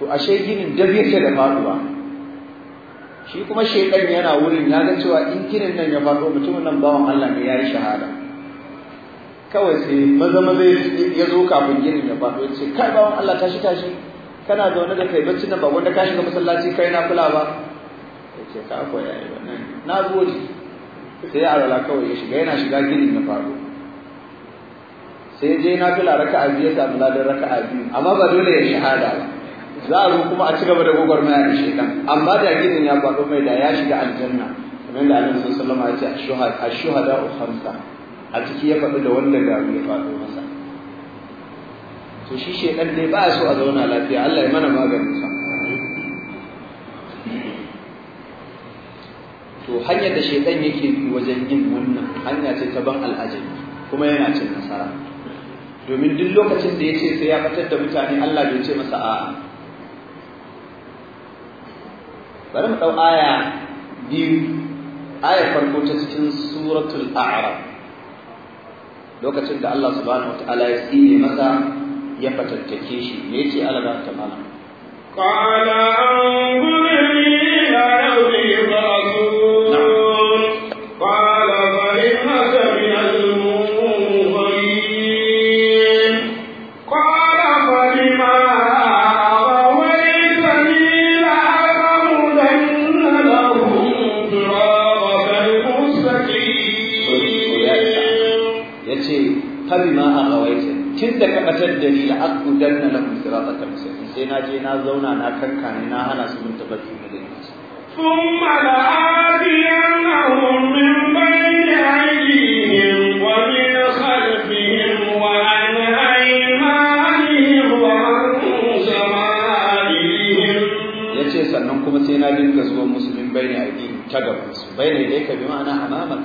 to ashe ginin dab yake da faduwa shi kuma shedan yana wurin ya ga cewa in ginin nan ya fado mutumin nan bawan Allah ne yayi shahada kawai sai maza maza ya zo kafin ginin ya fado Sai ce kai bawan Allah tashi tashi kana zaune da kai bacci nan ba wanda ka shiga masallaci kai na kula ba Yace ka ko yayi wannan na gode sai ya alala kawai ya shiga yana shiga ginin ya fado sai je na fila raka'a biyu ya samu raka'a biyu amma ba dole ya shahada ba za a zo kuma a ci gaba da gogar gwagwarmaya da an amma da gidan ya kwado mai da ya shiga aljanna kamar da annabi sallallahu alaihi wasallam ya ce ashuhada khamsa a ciki ya faɗi da wanda da ya faɗo masa to shi shaidan dai ba so a zauna lafiya Allah ya mana maganin sa to hanyar da shaitan yake wajen yin wannan hanya ce ta ban al'ajabi kuma yana cin nasara domin duk lokacin da ya ce sai ya fitar da mutane Allah bai ce masa a'a bari mu ɗau aya biyu ayar farko ta cikin suratul a'raf lokacin da Allah subhanahu wataala ya tsine masa ya fatattake shi me yake Allah ta mana qala ila ce a agawaita tun da ka batar da ni la'aqu danna lahum sirata mustaqim sai na je na zauna na kankani na hana su mun mu da yace sannan kuma sai na dinka zuwa musulmin bayna aidihim ta gabansu bayna ilayka bi ma'ana amamak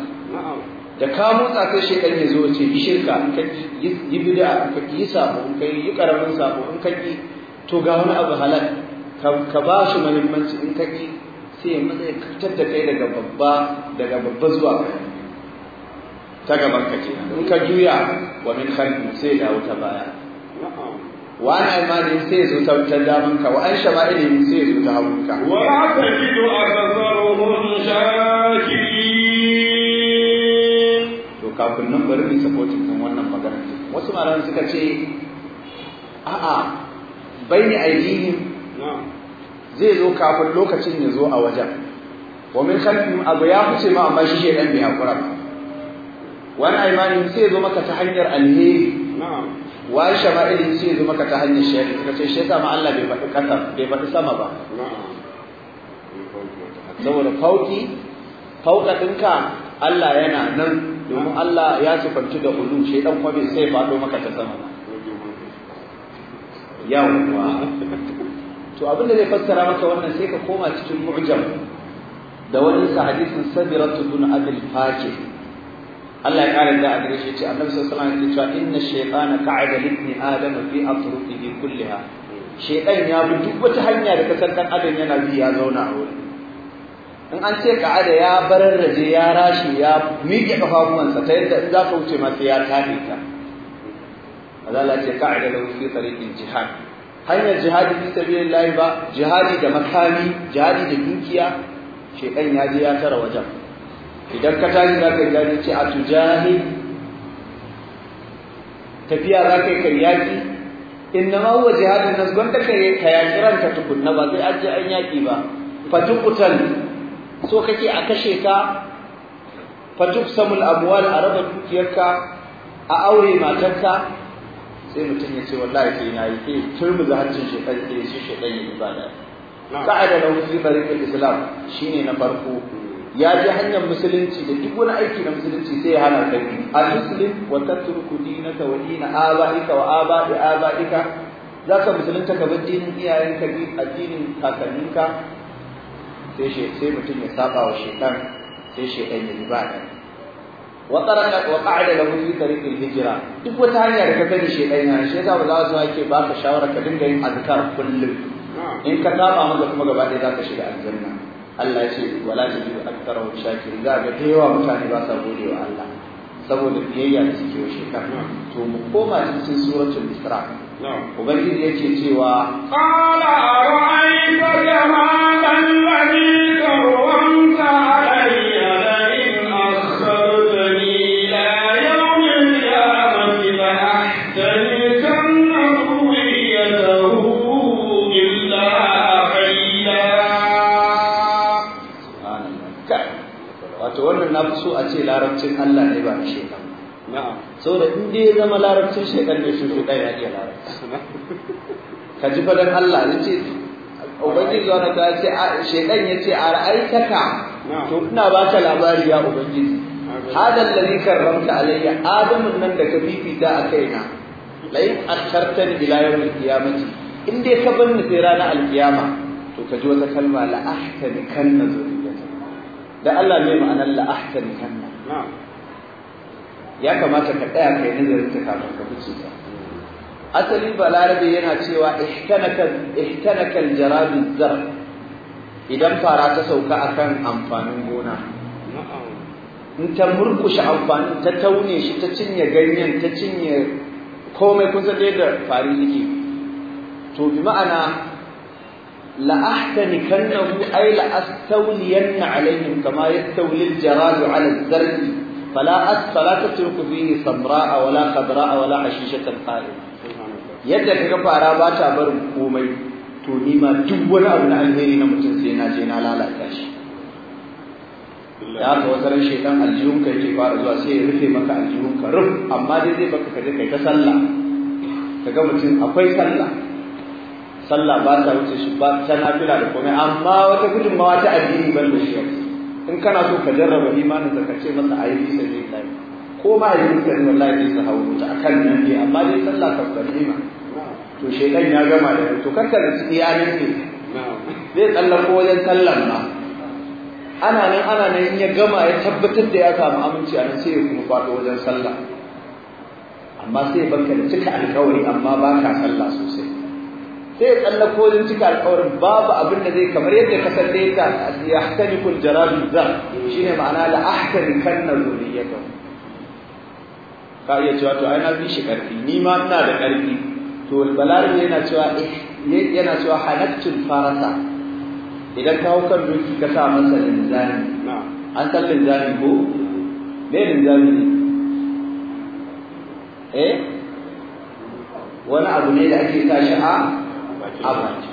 da ka motsa kai shekan ya zo ce yi shirka in kai yi bid'a in kai yi sabo in kai yi karamin sabo in ka yi to ga wani abu halal ka ba shi muhimmanci in ka kai sai ya matsayi kartar da kai daga babba daga babba zuwa ta gaban ka ce in ka juya wa min khalqi sai ya dawo ta baya وعن أيمانهم ka. Wa aka ji a kan zaro mun شاكرين kafin nan bari mu supporting kan wannan magana wasu malaman suka ce a'a baini aidihim zai zo kafin lokacin ya zo a wajen wa min khalfihim abu ya fice ma amma shi shedan bai hakura ba wani aimani sai zo maka ta hanyar alheri wa shama'ilin sai zo maka ta hanyar shari suka ce shi yasa ma Allah bai faɗi kasar bai faɗi sama ba saboda fauki fauka ɗinka Allah yana nan domin Allah ya sifanci da ulu shedan kuma bai sai faɗo maka ta sama yawwa to abin da zai fassara maka wannan sai ka koma cikin mu'jam da wani sa hadisin sabiratu bin abil fakih Allah ya kare da a gare shi ce annabi sallallahu alaihi wasallam ya ce inna shaytana ka'ada li adama fi atruqihi kulliha shaytan ya bi duk wata hanya da kasan dan adam yana bi ya zauna a wurin in an ce ka'ada ya bararraje ya rashi ya miƙe kafafuwansa ta yadda in za ka wuce masu ya tafi ka azala ce ada lahu fi tariqin jihad hanyar jihadi fi sabilillahi ba jihadi da makami jihadi da dukiya shedan ya je ya tara wajen idan ka tashi za ka yi jihadi ce a tujahi tafiya za ka yi karyaki yaƙi innama huwa jihadun nas gwanda ka yaƙi ranka tukunna ba sai an je an yaƙi ba fatukutan so kake a kashe ka fatuksamul amwal a raba dukiyarka a aure matarka sai mutum ya ce wallahi sai na yi sai turmuza hancin shekan sai shi shekan ya ibada sa'ada na fi tariqil islam shine na farko ya ji hanyar musulunci da duk wani aiki na musulunci sai ya hana kai al-muslim wa tatruku dinaka wa din abaika wa abai abaika zaka musulunta ka bar dinin iyayenka bi addinin kakanninka sai sai mutum ya saba wa shaytan sai shaytan ya riba da wa taraka wa qa'ada lahu fi tariqil hijra duk wata hanya da ka gani shaytan ya shi ba za su ake baka shawara ka dinga yin azkar kullum in ka saba masa kuma gaba ɗaya za ka shiga aljanna Allah ya ce wala tajidu aktsarahum shakirin za ga da yawa mutane ba sa gode wa Allah saboda biyayya da suke wa shaytan to mu koma cikin suratul Isra'a. ubangiji yake cewa qala ra'aita jama'an alladhi kawamta alayya wato na fi so a ce larabcin Allah ne ba na shekaru saboda in dai zama larabcin shaidan ne shi shaidan ya ke larabci ka ji fadan Allah ya ce ubangiji wani ta ce shaidan ya ce a ra'aitaka to ina ba ka labari ya ubangiji hada alladhi karramta alayya adamun nan da ka fifita a kaina la in akhartani ila yawmil qiyamati in dai ka bar ni sai ranar alkiyama to ka ji wata kalma la ahtani kanna da Allah kanna ya kamata ka tsaya kai nazarin ta kafin ka fice ta asali balarabe yana cewa ihtanaka jarabi zar idan fara ta sauka akan amfanin gona in ta murkushe amfanin ta taune shi ta cinye ganyen ta cinye komai kun san da fari suke to bi ma'ana لأحتنكنه أي لأستولين عليهم كما يستولي الجراد على الزرد فلا أسفل تترك فيه سمراء ولا خضراء ولا حشيشة قائمة yadda kaga fara ba ta barin komai to ni ma duk wani abu na alheri na mutum sai na je na lalata shi Ya haka wata ran shaitan aljihun ka yake fara zuwa sai ya rufe maka aljihun ka ruf amma dai zai baka kaje kai ta sallah ga mutum akwai sallah sallah ba ta wuce shi ba ta nafila da komai amma wata gudunmawa ta addini ban da shi in kana so ka jarraba imanin da ka ce masa ayi bisa lillahi ko ma yi bisa lillahi sa hawo ta akan nan ne amma dai sallah tabbani ma to shedan ya gama da to karka da yi ne zai ko wajen sallan ma ana nan ana nan in ya gama ya tabbatar da ya samu aminci a nan sai ya kuma faɗo wajen sallah amma sai barka da cika alkawari amma ba ka sallah sosai sai ya tsalla kodin cika alkawarin babu abin da zai kamar yadda ka san ya ta yahtaniku jarabi shi ne ma'ana na lori ya zuriyatan ka iya cewa to ai na bi shi karfi ni ma ina da karfi to balari yana cewa eh, yana cewa farasa idan ka hau kan doki ka sa masa linzami an san linzami ko me linzami eh wani abu ne da ake tashi a abaci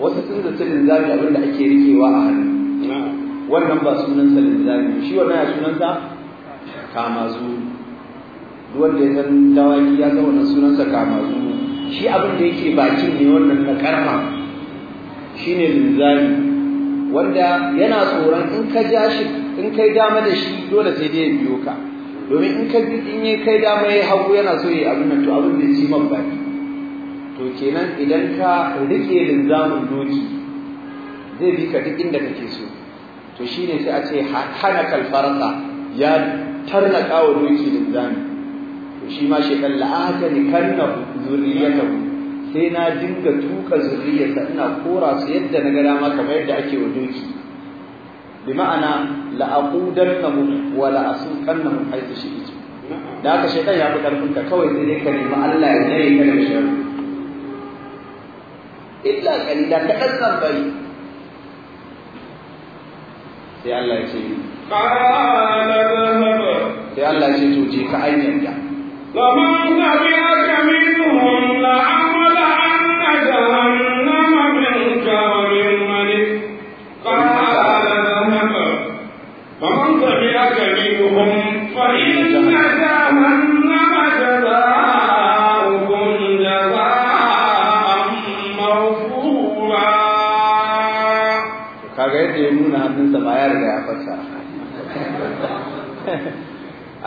wasu sun zaci linzami abin da ake rikewa a hannu wannan ba sunansa linzami shi wannan ya sunansa kamazu wanda ya san dawaki ya san wannan sunansa kamazu shi abin da yake bakin ne wannan na karfa shine linzami wanda yana tsoron in ka ja shi in kai dama da shi dole sai dai ya biyo ka domin in ka bi in kai dama ya hagu yana so ya abin nan to abin da ya ci man baki to kenan idan ka rike linzamin doki zai bi ka duk inda kake so to shine sai a ce hana kalfarsa ya tarnaka kawo doki linzami to shi ma shi kan ni kanna zurriyatahu sai na dinga tuka zurriyarsa ina kora su yadda na ga dama kamar yadda ake wa doki bi ma'ana la'aqudannahum wa la'asuqannahum haythu shi'tu da haka shaytan ya fi karfin ka kawai sai dai ka nemi Allah ya tsare ka daga sharri illa kalila kaɗan zan bari sai Allah ya ce sai Allah ya ce to je ka an yanda. bi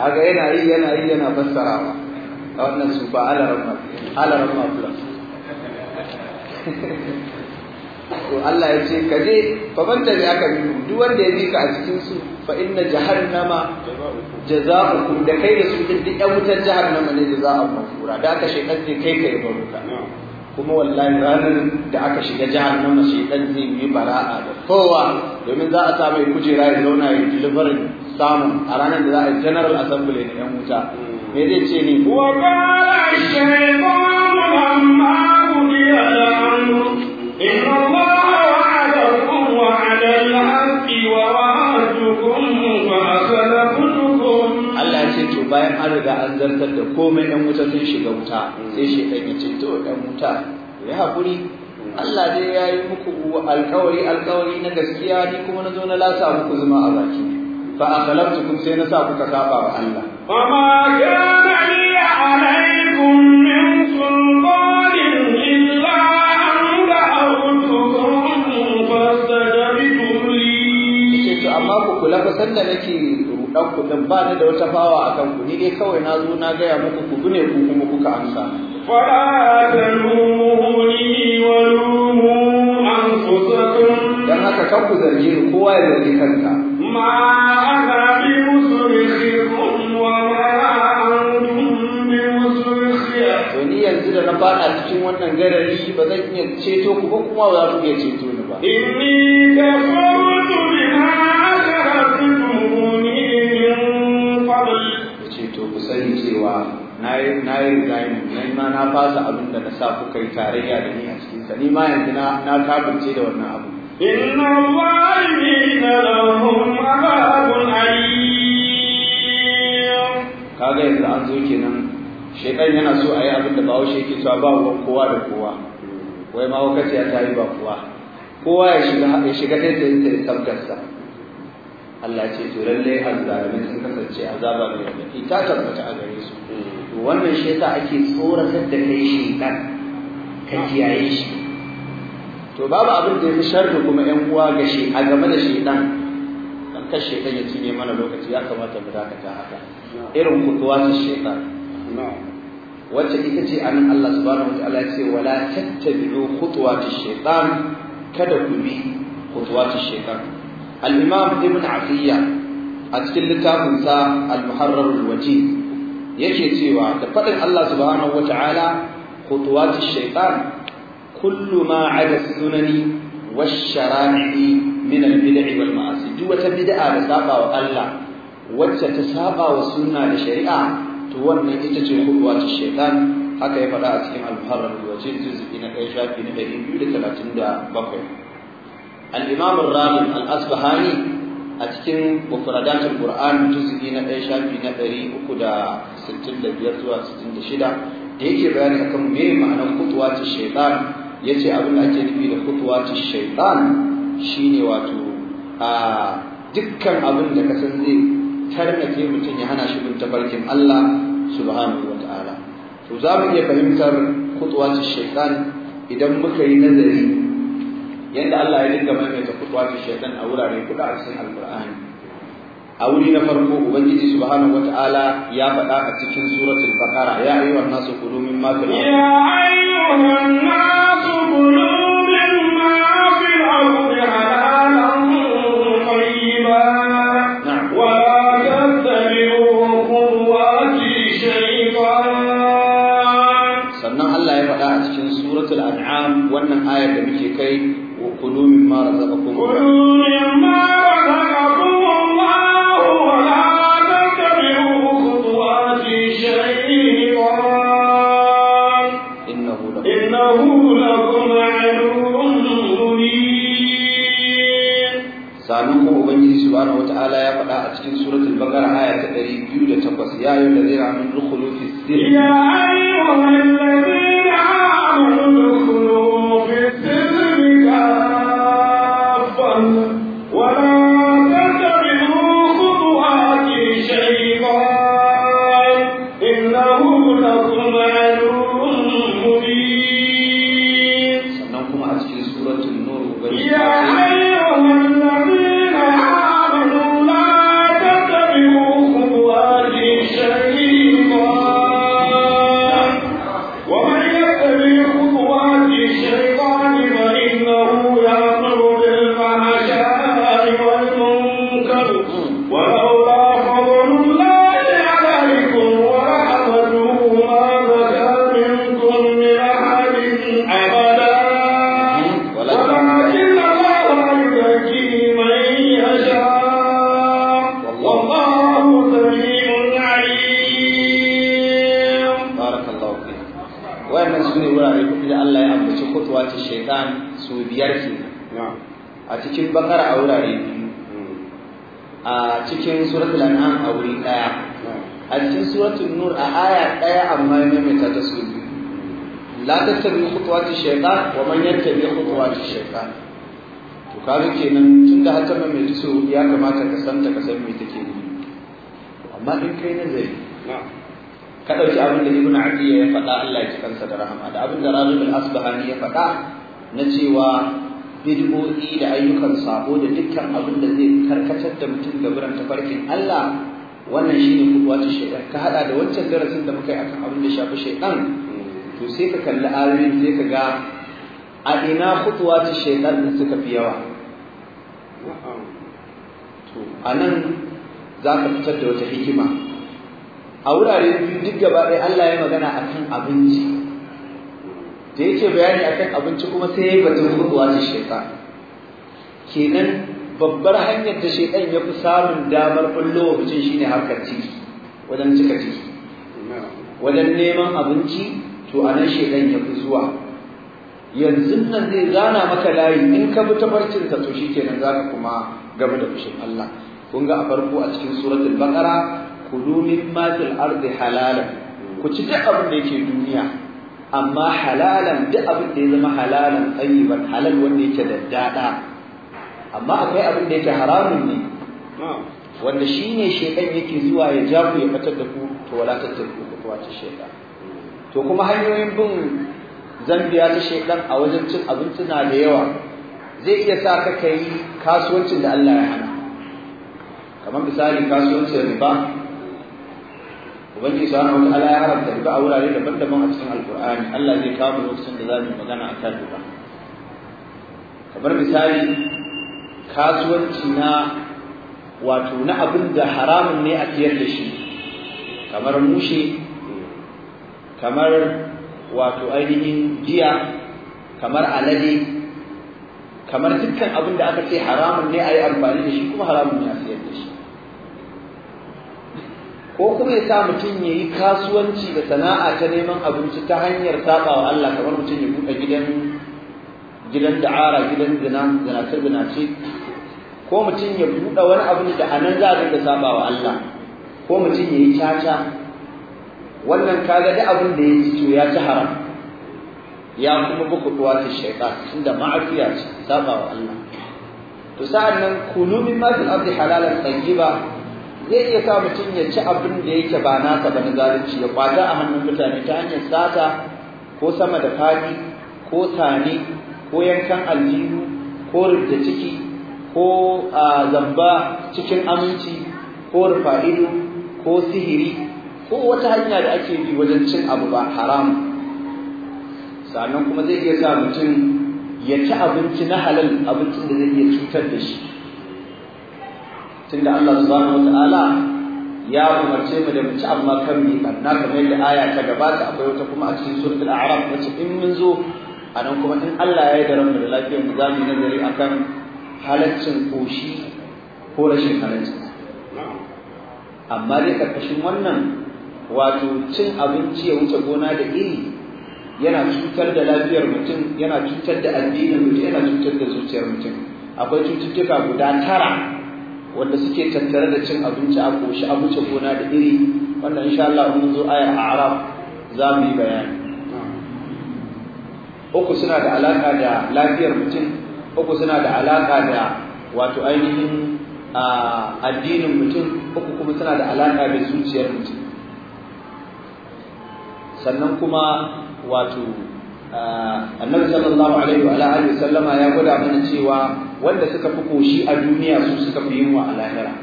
kaga yana yi yana yi yana fassarawa a wannan su ba alarama alarama plus to Allah ya ce kaje fa man ya aka bi duk wanda ya bika a cikin su fa inna jahannama jazaa'ukum da kai da su din duk yan wutar jahannama ne da za a mafura da aka shekar zai kai kai baruka kuma wallahi ranar da aka shiga jahannama shekar zai yi bara'a da kowa domin za a sa mai kujera ya zauna ya delivery samun a ranar da za a general assembly ne yan wuta me zai ce ni wa qala shaytanu lamma qudiya al-amru inna allaha wa'adakum wa'ada al-haqqi wa wa'adtukum fa akhlaftukum Allah ya ce to bayan an riga an zartar da komai yan wuta sun shiga wuta sai shaytan ya ce to yan wuta ya hakuri Allah dai ya yi muku alkawari alkawari na gaskiya ni kuma na zo na lasa muku zuma a baki fa akhlaftukum sai na sa kuka saba wa Allah wa ma kana li alaykum min sulqanin illa an da'awtukum fastajabtum li to amma ku kula fa sanda nake rudan ku dan ba ni da wata fawa akan ku ni dai kawai na zo na gaya muku ku gune ku kuma kuka amsa fala tanumuni wa lumu anfusakum dan haka kan ku zargi kowa ya zargi kanka fada cikin wannan garari ba zan iya ceto ku ba kuma ba za iya ceto ni ba inni kafartu bima akratumuni min qabl ceto ku sani cewa nayi nayi zaini nayi ma na fasa abin da na sa kuka yi tarayya da ni a cikin sa ni ma yanzu na na da wannan abu إن kaga yanzu an zo kenan shaitan yana so a yi abin da bawo shi yake cewa ba wa kowa da kowa wai ma wakaci ya tayi ba kowa kowa ya shiga ya shiga ta yadda ya sabgarsa Allah ce to lalle sun kasance azaba mai radadi ta tabbata a gare su hmm. to wannan shi ake tsoratar da kai shaitan ka kiyaye shi to babu abin da ya fi sharri kuma ƴan uwa ga shi a game da shedan dan kar shedan ya cinye mana lokaci ya kamata mu dakata haka irin kutuwa ta shedan wacce ita ce anan Allah subhanahu wataala ya ce wala tattabi'u khutuwati shaytan kada ku bi khutuwati shaytan al-imam ibn afiya a cikin littafin sa al-muharrar al-waji yake cewa da fadin Allah subhanahu wataala khutuwati shaytan kullu ma ada sunani washara'i min al-bid'i wal wata bid'a da saba wa Allah wacce ta saba wa sunna da shari'a to wannan ita ce hulwa ta shaytan haka ya faɗa a cikin al-muharrar wajen juz'i na kai shafi na 237 الإمام الراغب الأصبهاني أتكن مفردات القرآن جزء من أيشا في نظري أكدا ستين لبيرتوا ستين لشدة ديكي بيان أكم مين معنى خطوات الشيطان yace abin da ake nufi da khutuwati shaytan shine wato a dukkan abin da kasan zai tarnace mutum ya hana shi bin tabarkin Allah subhanahu wataala to za mu iya fahimtar khutuwati shaitan idan muka yi nazari yadda Allah ya dinga maimaita khutuwati shaitan a wurare kuɗa a cikin alqur'ani أولي نفر بوه بنجي سبحانه وتعالى يا بدا أتكين سورة البقرة يا أيها الناس كلوا مما في الأرض يا أيها الناس كلوا مما في الأرض الله طيبا نعم. ولا تتبعوا الشيطان سورة الأنعام وأن الآية التي كي وكلوا مما رزقكم كلوا مما يا أيها الذين آمنوا ادخلوا في السلم yattabi khutuwati shaytan wa man yattabi khutuwati shaytan to kaga kenan tunda haka ba mai so ya kamata ka santa ka san me take yi amma in kai nazari ka dauki abin da ibnu atiya ya faɗa Allah ya cikansa da rahama da abin da Rabi bin Asbahani ya faɗa na cewa bid'o'i da ayyukan sabo da dukkan abin da zai karkatar da mutum ta tafarkin Allah wannan shine kubuwatu shaytan ka hada da wancan darasin da muka yi akan abin da shafi shaytan to sai ka kalli arin sai ka ga a ina kutuwa ta shekar da suka fi yawa to a nan za ka fitar da wata hikima a wurare biyu duk gaba ɗaya Allah ya magana akan abinci da yake bayani akan abinci kuma sai ya yi batun kutuwa ta shekar kenan babbar hanyar da shekar ya fi samun damar ɓullowa mutum shine harkar ciki wajen cika ciki wajen neman abinci to anan shedan ya fi zuwa yanzu nan zai zana maka layi in ka bi ta barcin ka to shikenan zaka kuma gaba da fushin Allah kun ga a farko a cikin suratul baqara kulu mimma fil ardi halalan ku ci duk abin da yake duniya amma halalan duk abin da ya zama halalan tayyiban halal wanda yake da dada amma akwai abin da yake haramun ne wanda shine shedan yake zuwa ya jafu ya fatar da ku to wala tattaku ku ta shedan to kuma hanyoyin bin zambiya ta shaidan a wajen cin abinci na da yawa zai iya sa ka kai kasuwancin da Allah ya hana kamar misali kasuwancin riba ubangiji subhanahu wataala ya haramta riba a wurare daban-daban a cikin alkur'ani Allah zai kawo lokacin da za mu magana a akan riba kamar misali kasuwanci na wato na abin da haramun ne a siyar da shi kamar mushe kamar wato ainihin jiya, kamar alade kamar dukkan abin da aka ce haramun ne a yi amfani da shi kuma haramun ne a sayar da shi ko kuma ya sa mutum ya yi kasuwanci da sana'a ta neman abinci ta hanyar saba wa Allah kamar mutum ya buɗe gidan gidan da'ara gidan zinatar zinace zinace ko mutum ya buɗe wani abin da anan za a dinga saba wa Allah ko mutum ya yi caca wannan kaga da abin da ya so ya ci haram ya kuma buku kuwa ta shaytan tunda ma'afiya ce saba wa Allah to sa'an nan kulu min ma fil ardi halalan tayyiba zai iya sa mutum ya ci abin da yake ba nasa ba na zalunci ya kwata a hannun mutane ta hanyar sata ko sama da fadi ko tani ko yankan aljihu ko rubda ciki ko ah, zamba cikin aminci ko rufa ido ko sihiri ko wata hanya da ake bi wajen cin abu ba haram sannan kuma zai iya sa mutum ya ci abinci na halal abincin da zai iya cutar da shi tunda Allah subhanahu wata'ala ya umarce mu da mu ci amma kan mi barna kamar yadda aya ta gabata akwai wata kuma a cikin suratul a'raf wace in mun zo anan kuma in Allah ya yi da mu da lafiyar mu zamu nazari akan halaccin koshi ko rashin halaccin amma dai karkashin wannan wato cin abinci ya wuce gona da iri yana cutar da lafiyar mutum yana cutar da addinin mutum yana cutar da zuciyar mutum akwai cututtuka guda tara wanda suke tattare da cin abinci a koshi a wuce gona da iri wannan insha Allah mun zo ayar Arab za mu yi bayani uku suna da alaka da lafiyar mutum uku suna da alaka da wato ainihin ah, addinin mutum uku kuma suna da alaka da zuciyar mutum sannan kuma wato annabi sallallahu alaihi wa alihi sallama ya gwada mana cewa wanda suka fi koshi a duniya su suka fi yin wa a lahira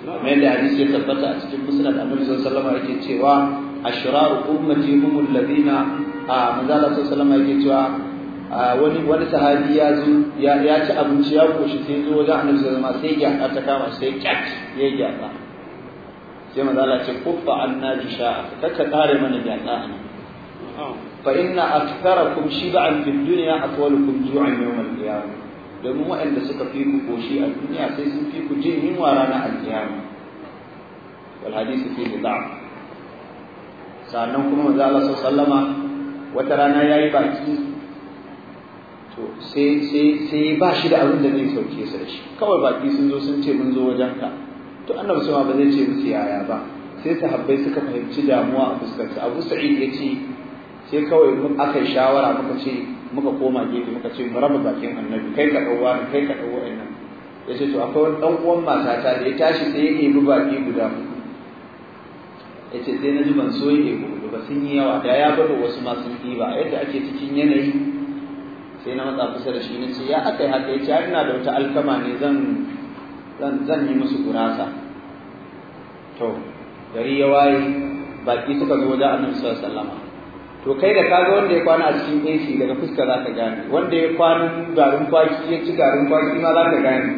kuma yadda hadisi ya tabbata a cikin musnad annabi sallallahu alaihi yake cewa ashraru ummati humul ladina a manzala sallallahu alaihi yake cewa wani wani sahabi ya zo ya ci abinci ya koshi sai zo wajen annabi sallallahu alaihi sai ya ta kama sai kyat ya gyatsa sai manzo Allah ce kuffa anna jisha ka kare mana jaka anan fa inna aktharakum shib'an fid dunya atwalukum ju'an yawm al-qiyamah domin waɗanda suka fi ku koshi a duniya sai sun fi ku jin yunwa ranar al-qiyamah wal hadithu fi sannan kuma manzo Allah sallama wata rana yayi baki to sai sai sai ba shi da abin da zai sauke su da shi kawai baki sun zo sun ce mun zo wajenka to annabi sama ba zai ce musu yaya ba sai sahabbai suka fahimci damuwa a fuskarsa abu sa'id ya ce sai kawai mun aka shawara muka ce muka koma gefe muka ce mu raba bakin annabi kai ka dauwa kai ka dauwa ina. ya ce to akwai wani dan uwan matata da ya tashi sai ya ɗebi baki guda ya ce sai na ji ban so ya ɗebi ba sun yi yawa da ya bar wasu ma sun ɗiba a yadda ake cikin yanayi sai na matsa kusa da shi na ce ya aka yi haka ya ce ina da wata alkama ne zan zan yi musu gurasa to gari ya waye baki suka zo da annabi sallallahu alaihi wasallam to kai da kaga wanda ya kwana a cikin AC daga fuska za ka gane wanda ya kwana garin kwaki ya ci garin kwaki ma za ka gane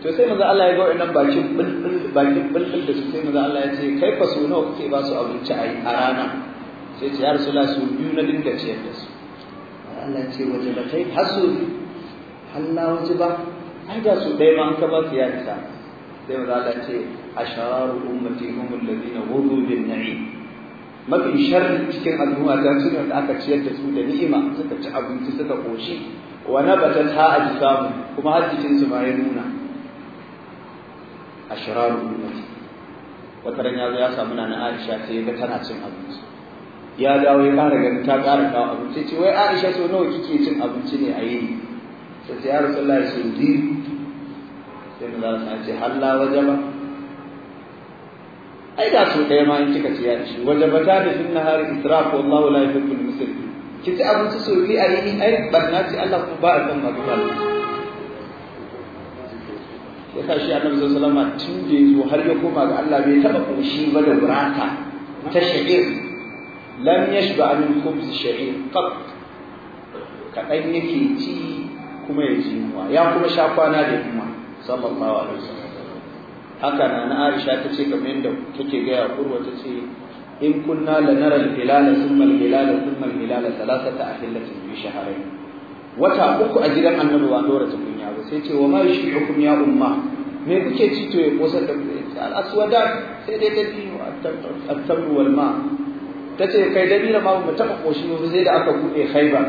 to sai maza Allah ya ga wannan baki bulbul baki bulbul da su sai maza Allah ya ce kai fa su nawa kuke ba su abinci a rana sai ce ya rasulullah su biyu na dinga ciyar da su Allah ya ce waje ba kai hasu Allah waje ba an da su dai ma an ka ba su ya isa sai maza ta ce ashararu ummati humul ladina wudu bin na'im mafi sharri cikin al'umma ta su da aka ciyar da su da ni'ima suka ci abinci suka koshi wa nabatat ha ajsamu kuma har cikin su ma ya nuna ashararu ummati wata ran ya zo ya samu nana Aisha sai ya ga tana cin abinci ya dawo ya ƙara ganin ta ƙara kawo abinci ce wai Aisha so nawa kike cin abinci ne a yini ta ce ya rasu Allah su biyu sai na zara ce halla waje ba ai da su ɗaya ma in kika ce ya ci waje ba ta da fin na hari israf wallahu la yuhibbul musrifin ki ci abinci sau biyu a yi yini ai barna ce Allah kuma ba a kan masu ba. ya sa shi annabi sallallahu alaihi tun da yazo har ya koma ga Allah bai taba koshi ba da burata ta sha'ir lam yashba min khubz sha'ir qat kadan yake ci kuma ya ji yunwa ya kuma sha kwana da yunwa sallallahu alaihi wasallam haka na na Aisha ta ce kamar yadda kake gaya kurwa ta ce in kunna la nara al-hilala thumma al-hilala thumma al-hilala thalathata ahillatin bi shahrayn wata uku a gidan annabi wa, dora ta kunya ba sai ce wa ma hukum ya umma me kuke ci to ya kosa da al-aswada sai dai tafi at-tamr wal ma tace kai dabira ma mu taba koshi ba sai da aka bude khaiba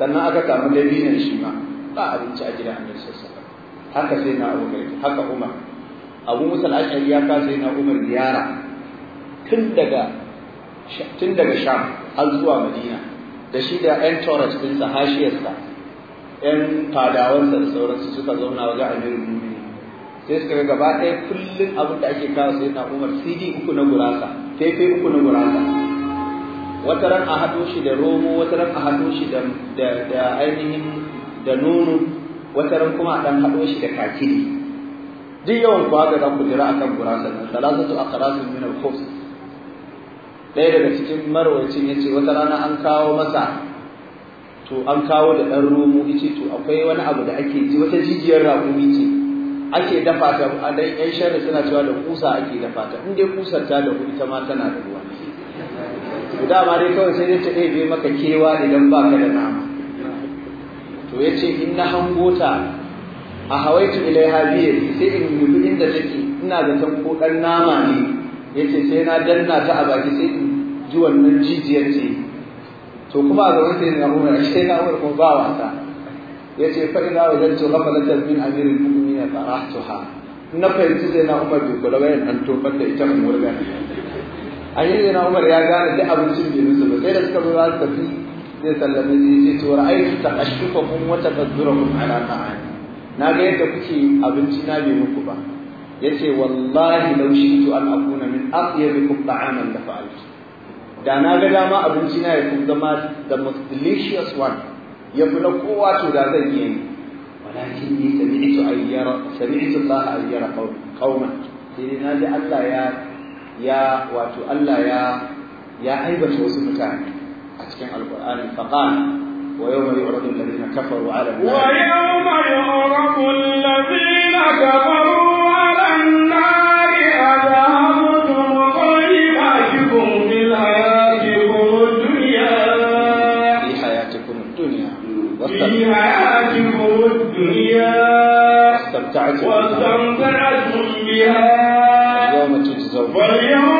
sannan aka samu na shi ma ba abinci a gidan annabi sallallahu alaihi haka sai na abu kai haka umar abu musa al-ashari ya ka sai na umar ziyara tun daga tun daga sham har zuwa madina da shi da yan taurus din sa hashiyarsa yan fadawansa da sauransu suka zauna wajen amirul mu'minin sai suka ga gaba ɗaya kullum abin da ake kawo sai na umar cd uku na gurasa fefe uku na gurasa wata ran a haɗo shi da romo wata ran a haɗo shi da ainihin da nono wata ran kuma dan hado shi da kakiri duk yawan kwa ga dan kujira akan gurasa nan salasatu aqrasin min al-khubz ɗaya daga cikin marwacin yace wata rana an kawo masa to an kawo da ɗan romo yace to akwai wani abu da ake ji wata jijiyar rakumi ce ake dafa ta a dai ƴan sharri suna cewa da kusa ake dafa ta in dai kusar ta da ita ma tana da ruwa Guda dama dai kawai sai dai ta ɗebe maka kewa idan baka da nama to yace in na hango ta a hawaitu ilaiha biye sai in nufi inda take ina da ko kokar nama ne yace sai na danna ta a baki sai in ji wannan jijiyar ce to kuma a gaban sai na umar sai na umar kuma ba wasa yace fa idza wajadtu ghafalatan min amiril mu'minin ha? na fahimci sai na umar bai kula bayan an tofar da ita mun wurga a yi na umar ya gane da abincin bai musu ba sai da suka zo za su tafi zai sallame zai ce to ra'aytu taqashshufakum wa taqaddurakum ala ta'ani na ga yadda kuke abinci na bai muku ba yace wallahi law shi'tu an min da na ga dama abinci na ya kuma zama the most delicious one ya fi na kowa to da zan yi walakin ni sami'tu ayyara sami'tu Allah ayyara qauman sai na ji Allah ya ya wato Allah ya ya aibata wasu mutane أحسن القرآن فقال ويوم يعرض الذين كفروا على النار ويوم يعرض الذين كفروا على النار أذهبتم طيباتكم في حياتكم الدنيا في حياتكم الدنيا في حياتكم الدنيا واستمتعتم بها واليوم تجزون واليوم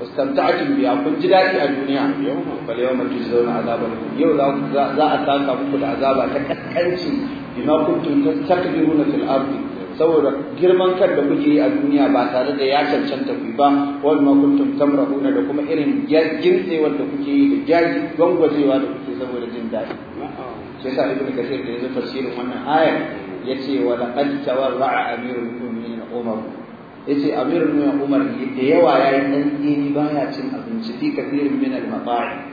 Wasu wastamta'tum biha kun ji daɗi a duniya yawma fal yawma tujzauna azaban yau za a saka muku azaba ta kaskanci bima kuntum tastakbiruna fil saboda girman kan da kuke yi a duniya ba tare da ya cancanta ku ba wal ma kuntum tamrahuna da kuma irin girtse wanda kuke yi da jaji gwangwajewa da kuke saboda jin daɗi sai sa ibnu kasir da yazo tafsirin wannan ayar yace wa laqad na amirul mu'minin umar yace Amir ibn Umar da yawa yayin yi tsini baya cin abinci fi kafirin min al-mata'i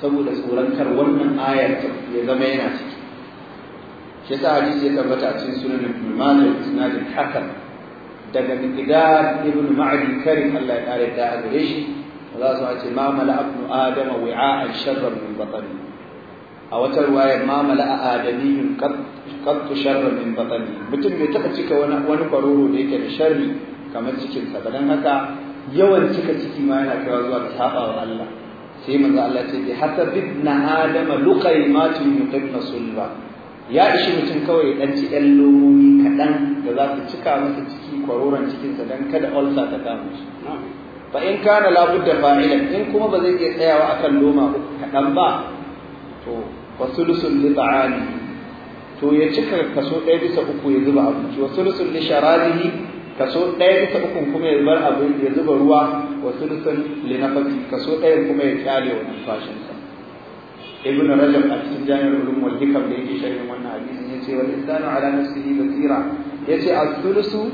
saboda tsoron kar wannan ayar ya zama yana ciki shi yasa hadisi ya tabbata a cikin sunan Ibn Majah sunan Hakan daga Miqdad ibn Ma'di Karim Allah ya kare a gare shi za su ce ma mala'abnu adama wi'a'an sharran min batni a wata ruwayar mamala a adamiyun qattu sharra min batni mutum mai taba cika wani wani kwaroro da yake da sharri kamar cikin sa dan haka yawan cika ciki ma yana kaiwa zuwa ga saba wa Allah sai manzo Allah ce bi hasab ibn adam luqaymatu yuqibna sulba ya ishi mutum kawai ya ci ɗan lomomi kaɗan da za su cika masa ciki kwaroron cikinsa dan kada ulcer ta kama shi fa in kana labudda fa'ilan in kuma ba zai iya tsayawa akan loma uku kaɗan ba wa sulusun li ta'ani to ya cika kaso ɗaya bisa uku ya zuba abinci wa sulusun li sharabihi kaso ɗaya bisa uku kuma ya bar abin ya zuba ruwa wa sulusun li nafasi kaso ɗaya kuma ya kyale wa sa ibn rajab a cikin jami'ar ulum wal hikam da yake sharhin wannan ya ce wal insanu ala nafsihi basira yace as-sulusu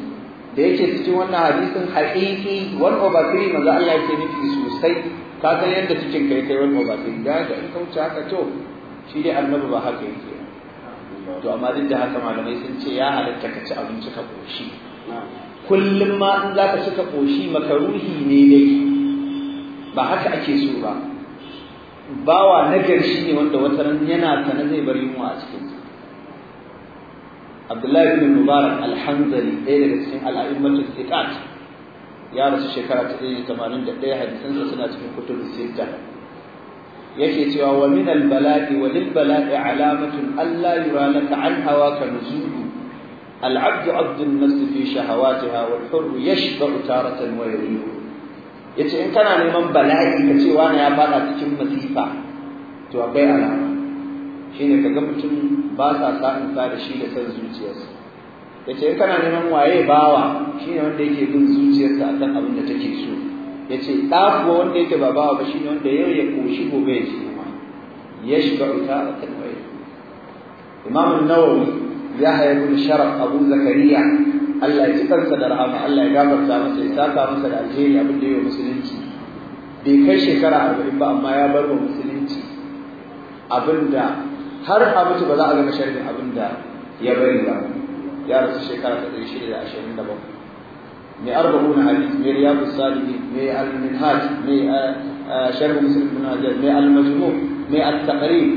da yake cikin wannan hadisin haqiqi wal obasiri maza Allah yake nufi sosai ka san yadda cikin kai kai wal obasiri da ka kauce haka to shi dai annabi ba haka yake to amma duk da haka malamai sun ce ya halatta ka ci abinci ka koshi kullum ma in za ka ci ka koshi makaruhi ne dai ba haka ake so ba bawa na shi ne wanda wata ran yana sana zai bar yunwa a cikin Abdullahi bin Mubarak al-Hanzali ɗaya daga cikin al'aimmatul thiqat ya rasu shekara ta 181 hadisansa suna cikin kutubus sittah yake cewa wa min al-bala'i wa lil bala'i alamatun alla yura laka an hawaka nuzulu al-abdu abdu an-nafs fi shahawatiha wal hurr yace in kana neman bala'i ka ce wani ya fada cikin masifa to akwai alama shine kaga mutum ba sa sa'in sa da shi da san zuciyarsa yace in kana neman waye bawa shine wanda yake bin zuciyarsa akan abin da take so ya ce ɗafuwa wanda yake ba bawa ba shi ne wanda yau ya koshi gobe ya ce ma ya shiga wuta a kalmai imamun nawawi ya haifu sharaf abu zakariya Allah ya ci kansa da rahama Allah ya gafarta masa ya saka masa da alheri abin da ya musulunci bai kai shekara arba'in ba amma ya bar wa musulunci abinda har a mutu ba za a gama sharhin abinda ya bari ba ya rasu shekara ta ɗari shida da ashirin da bakwai مأربعون عليه مرياض الصالحين مئة المنهاج مئة آه، آه، شر مسلم المنهاج مئة المجموع مئة التقريب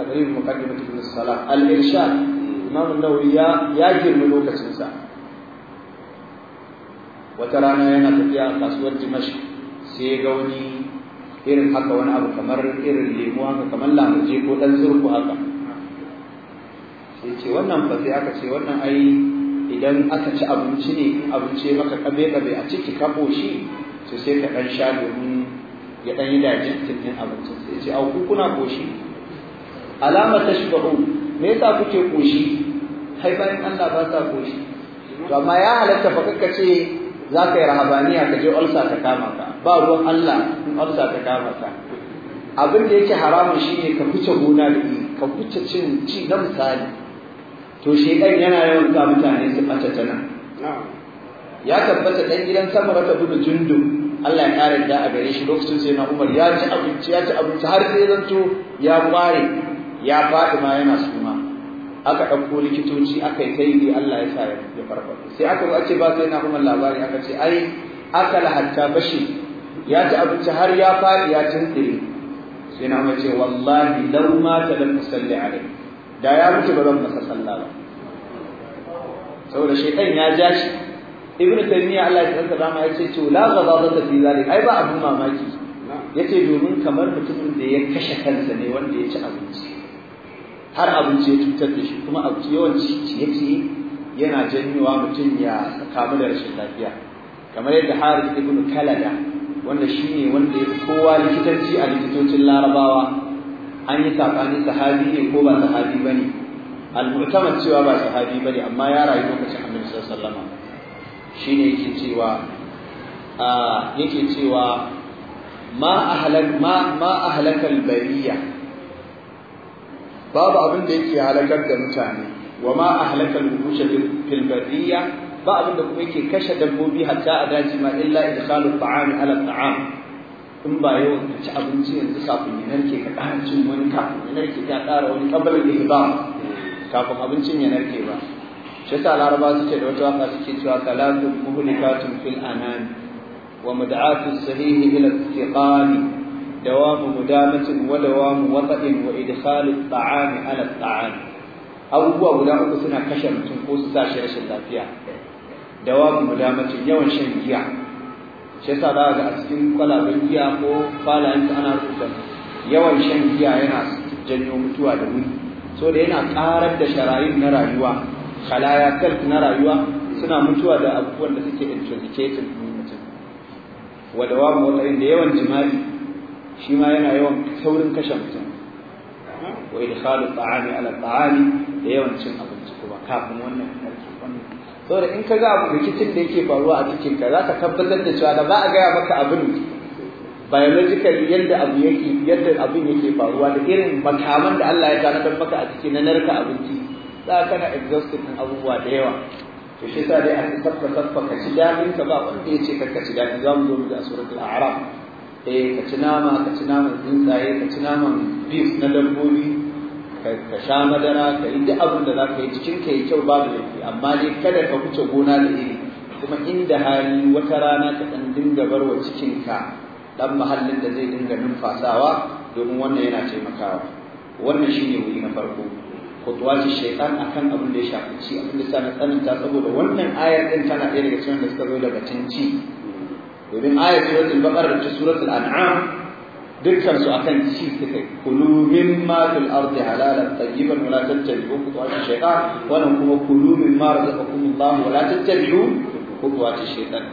تقريب مقدمة من الصلاة الإرشاد إمام النووي يجر ملوك السنسا وترانا هنا تبيع قصوة دمشق سيغوني إير الحق وانا أبو كمر إر اللي مواك كمان لا مجيب وتنزر بها كم سيتي وانا مفتيحك سيتي وانا أي idan aka ci abinci ne in abinci maka kabe kabe a ciki ka shi to sai ka dan sha domin ya dan yi digestion din abinci. sai ce au kuna koshi alama shibahu me yasa kuke koshi kai bayan Allah ba ta koshi to amma ya halatta fa kaka ce za ka yi rahabaniya ka je ulsa ta kama ka ba ruwan Allah in ulsa ta kama ka abin da yake haramun shine ka fice gona da ka fice cin ci na misali to shekan yana yawan ga mutane su ɓata tana ya tabbata ɗan gidan samara ta gudu jundu Allah ya ƙara da a gare shi lokacin sai na Umar ya ci abinci ya ci abinci har sai zanto ya kware ya faɗi ma yana suma aka ɗauko likitoci aka yi taidi Allah ya sa ya farfaɗo sai aka ce ba sai na Umar labari aka ce ai akala hatta bashi ya ci abinci har ya faɗi ya tuntsire sai na Umar ce wallahi lau ma ta lam usalli alaihi da ya mutu ba zan masa sallah ba saboda shaytan ya ja shi ibnu taymiya Allah ya ce dama yace to la ghadabata fi zalik ai ba abu mamaki yace domin kamar mutumin da ya kashe kansa ne wanda ya ci abinci har abinci ya cutar da shi kuma abinci yawanci ciye-ciye yana janyowa mutum ya kamu da rashin lafiya kamar yadda Haris ibn Kalada wanda shine wanda ya kowa likitanci a likitocin Larabawa an yi saɓani sahabi ne ko ba sahabi ba ne al-mu'tamad cewa ba sahabi ba ne amma ya rayu lokacin annabi sallallahu alaihi shine yake cewa a yake cewa ma ahlak ma ma ahlakal bariya babu abin da yake halakar da mutane wa ma ahlakal wuhusha fil bariya ba abin da kuma yake kashe dabbobi hatta a daji ma illa idkhalu ta'ami ala ta'am in ba yau ka ci abinci yanzu kafin ya narke ka ƙara cin wani kafin ya narke ta ƙara wani kabalar da ba kafin abincin ya narke ba shi yasa laraba suke da wata waka suke cewa kalatun muhlikatun fil anan wa mu mud'atu sahihi ila da wa mu mu istiqani دوام مدامة ودوام وطئ وإدخال الطعام على الطعام abubuwa guda uku suna kashe mutum ko su sa shi rashin lafiya Da wa mu dawamu mudamatin yawan shan giya shi yasa za ga a cikin kwalaben giya ko falayen ana rubuta yawan shan giya yana janyo mutuwa da wuri so da yana karar da sharayin na rayuwa khalaya kalf na rayuwa suna mutuwa da abubuwan da suke intoxicating din mutum wa dawamu watarin da yawan jima'i shi ma yana yawan saurin kashe mutum wa idkhalu ta'ami ala ta'ami da yawan cin abinci kuma kafin wannan karki saboda in ka ga abu rikicin da yake faruwa a cikin ka za ka tabbatar da cewa da ba a gaya maka abin biologically yadda abu yake yadda abin yake faruwa da irin makaman da Allah ya tanadar maka a cikin na narka abinci za ka na exhausted abubuwa da yawa to shi sa dai an sabba sabba ka ci daɗin ka ba wanda ya ce ka ka ci damin. za mu zo mu ga suratul a'raf eh ka ci nama ka ci nama tsuntsaye ka ci nama beef na dabbobi ka sha madara ka yi duk abin da za ka yi cikin ka yi kyau babu laifi amma dai kada ka wuce gona da iri kuma inda hali wata rana ka ɗan dinga barwa cikinka ɗan mahallin da zai dinga numfasawa domin wannan yana taimakawa wannan shi ne wuri na farko kutuwaci shaitan akan abin da ya shafi ci abin da sa na tsananta saboda wannan ayar ɗin tana ɗaya daga cikin da suka zo daga cin ci domin ayar suratul baqara da suratul an'am dukkan su akan ci suka yi kulu mimma fil ardi halalan tayyiban wala tattabi'u khutuwati shaytan wannan kuma kulu mimma razaqakumullahu wala tattabi'u khutuwati shaytan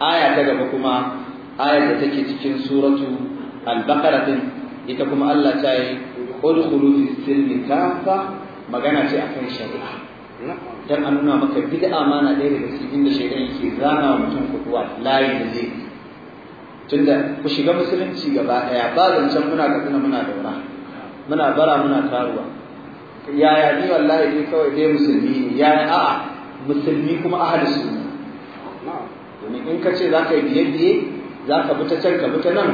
aya ta gaba kuma aya da take cikin suratu al-baqara din ita kuma Allah ta yi udkhulu fis silmi kafa magana ce akan shari'a dan an nuna maka bid'a ma na ɗaya daga cikin da shaytan yake zana mutum kutuwa layin da zai tunda ku shiga musulunci gaba ɗaya ba zancen muna katsina muna daura muna bara muna taruwa yaya ni wallahi dai kawai dai musulmi ne yaya a'a musulmi kuma ahli sunna domin in ka ce za ka yi biye biye za ka bi ta can ka bi ta nan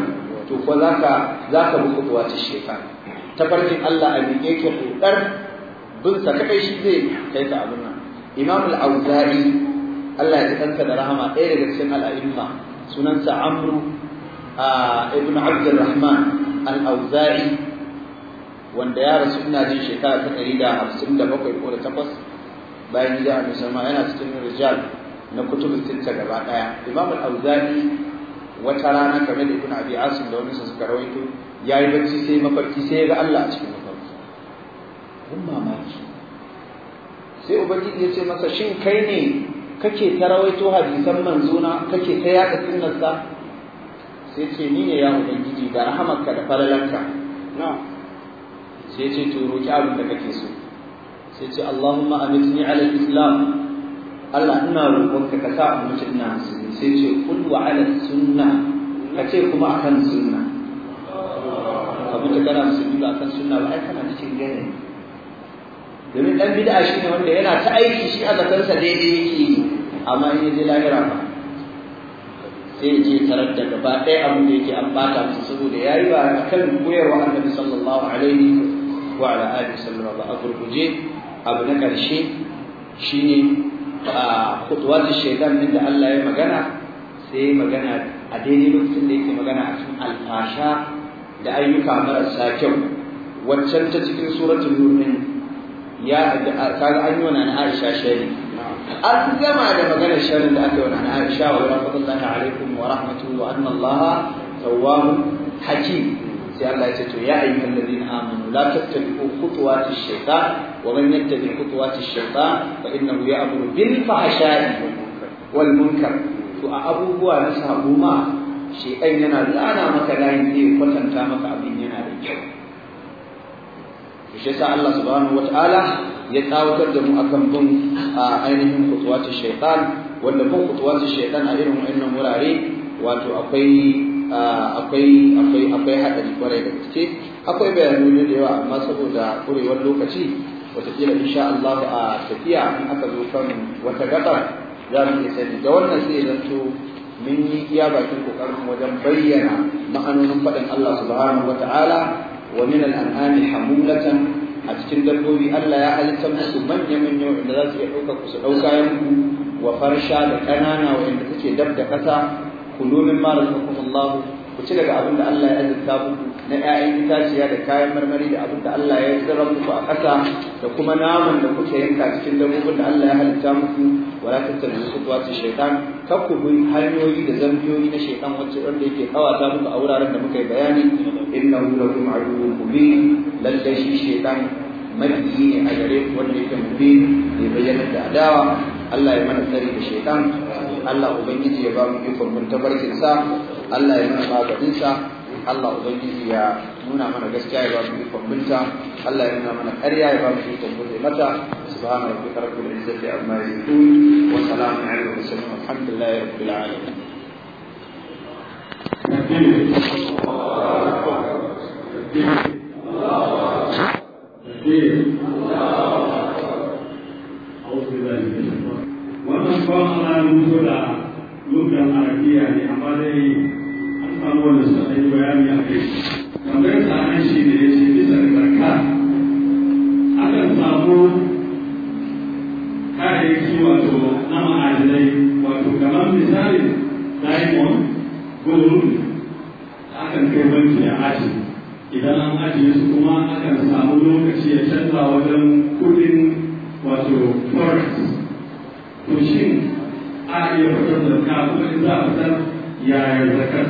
to ko za ka za ka bi kubuwa ta shefa Allah a miƙe ke hudar bin sa kadai shi zai kai ka abin nan Imam al-Auza'i Allah ya kansa da rahama ɗaya daga cikin sunan sunansa Amru ibn abdurrahman al-auza'i wanda ya rasu ina jin shekara ta ɗari da hamsin da bakwai ko da takwas bayan gida a musamman yana cikin rijal na kutubin sitta gaba ɗaya imam al-auza'i wata rana kamar da ibn abi asim da wani suka rawaito ya yi bacci sai mafarki sai ya ga allah a cikin mafarki kun mamaki sai ubangiji ya ce masa shin kai ne kake ta rawaito hadisan manzona kake ta yaɗa sunnarsa sai ce ni ne ya ubangiji ga rahamarka da falalanka sai ce to roki abin da kake so sai ce Allahumma amitni ala islam Allah ina roƙonka ka sa a mutum na musulmi sai ce kul wa ala sunna ka ce kuma akan sunna abin da kana musulmi ba akan sunna ba ai kana cikin gane domin dan bid'a shine wanda yana ta aiki shi a zakarsa daidai yake amma in je lahira ba sai je tarar da gaba ɗaya abin da yake an bata saboda saboda yayi ba kan koyarwa annabi sallallahu alaihi wa ala alihi sallallahu alaihi wa gurguje abu na ƙarshe shine a khutwatu shaytan da Allah ya magana sai magana a daidai lokacin da yake magana a cikin alfasha da ayyuka marasa kyau waccan ta cikin suratul nur din ya kaga an yi wa Aisha shari. an gama da maganar sharrin da aka yi wa nana Aisha wa rahmatullahi alaikum wa rahmatuhu wa anna Allah tawwabun hakim sai Allah ya ce to ya ayyuhal ladina amanu la tattabi'u khutuwati shaytan wa man yattabi' khutuwati shaytan fa innahu ya'muru bil fahsha'i wal munkar to a abubuwa na sabo ma shaytan yana lana maka layin zai kwatanta maka abin yana da kyau shi yasa Allah subhanahu wataala ya tsawatar da mu akan bin ainihin kutuwatu shaytan wanda bin kutuwatu shaytan a irin wannan wurare wato akwai akwai akwai akwai hadari kwarai da gaske akwai bayanai da yawa amma saboda kurewar lokaci wataƙila insha Allah a tafiya in aka zo kan wata gabar za mu iya sani da wannan sai zanto mun yi iya bakin kokarin wajen bayyana ma'anonin faɗin Allah subhanahu ta'ala. wa min al'anami hamulatan a cikin dabbobi Allah ya halitta musu manya manya wanda za su iya ɗauka ku su ɗauka yanku wa farsha da ƙanana wanda take dab da ƙasa ku nomin mara zakum Allah ku ci daga abin da Allah ya azurta muku na 'ya'yan itaciya da kayan marmari da abin da Allah ya tsira muku a ƙasa da kuma naman da kuke yanka cikin dabbobin da Allah ya halitta muku wala tattabi'u khutuwati shaytan kakku hanyoyi da zambiyoyi na shaitan wacce wanda yake kawata muku a wuraren da muka yi bayani innahu lakum aduwwun mubin lallai shi shaitan. mabiyi ne a gare ku wanda yake mubin ya bayyana da adawa Allah ya mana tsari da shaitan. Allah ubangiji ya ba mu ikon mun tabarkin sa Allah ya mana maganin Allah ubangiji ya nuna mana gaskiya ya ba mu ikon binta Allah ya nuna mana ƙarya ya ba mu ikon bude mata subhana rabbika rabbil izzati amma yasifun wa salamun ala mursalin walhamdulillahi rabbil alamin wannan kwan ana nuna da nuna arabiya ne amma dai abubuwan da suka yi a kai shi ne akan samu kayayyaki wato na ma'adinai wato kamar misali diamond gold akan kai banki a aji idan an kuma akan samu lokaci ya canza wajen kudin wato forex to a iya yaya zakar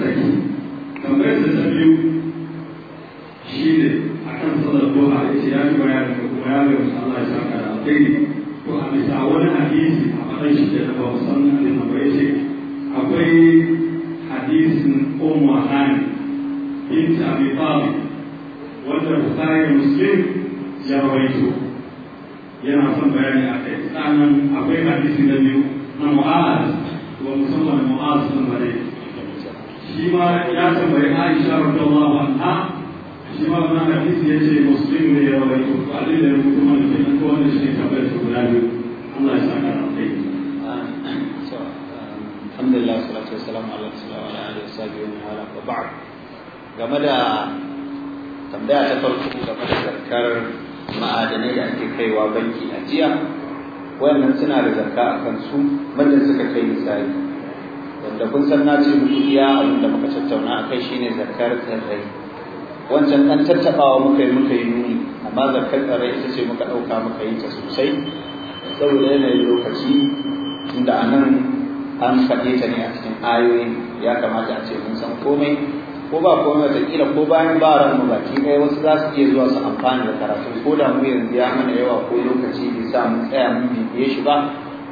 komai ko ba komai ko bayan ba ran mu baki ɗaya wasu za su iya zuwa su amfana da karatu ko da mu yanzu ya mana yawa ko lokaci bai sa mu tsaya mu bibiye shi ba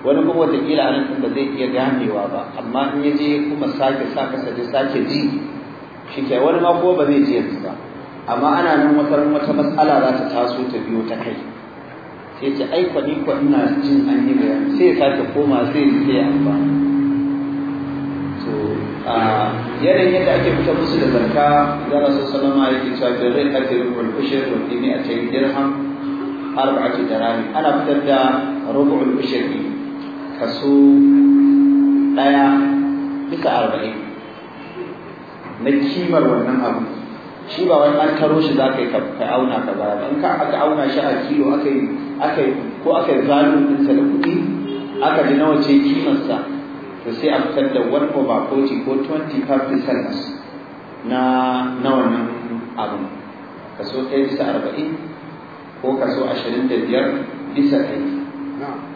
wani kuma wataƙila a nan ba zai iya ganewa ba amma in ya je kuma sake sa kasa je sake ji shi ke wani ma ko ba zai ji yanzu ba amma ana nan wata wata matsala za ta taso ta biyo ta kai sai ce ai kwani ina jin an yi bayani sai ya sake koma sai ya yi amfani yanayin yadda ake fitar musu da zakka ya rasu salama yake cewa da rai ake rubul kushir wa dimi a cikin dirham da rami, ana fitar da rubul ne, kaso daya bisa arba'in na kimar wannan abu shi ba wani an taro shi za ka yi ka auna ka ba in ka aka auna shi a kilo aka yi ko aka yi zalun ɗinsa da kuɗi aka ji nawa ce kimarsa to sai a fitar da 1 over 40 ko 25% na na wannan abu kaso 1 bisa 40 ko kaso 25 bisa 1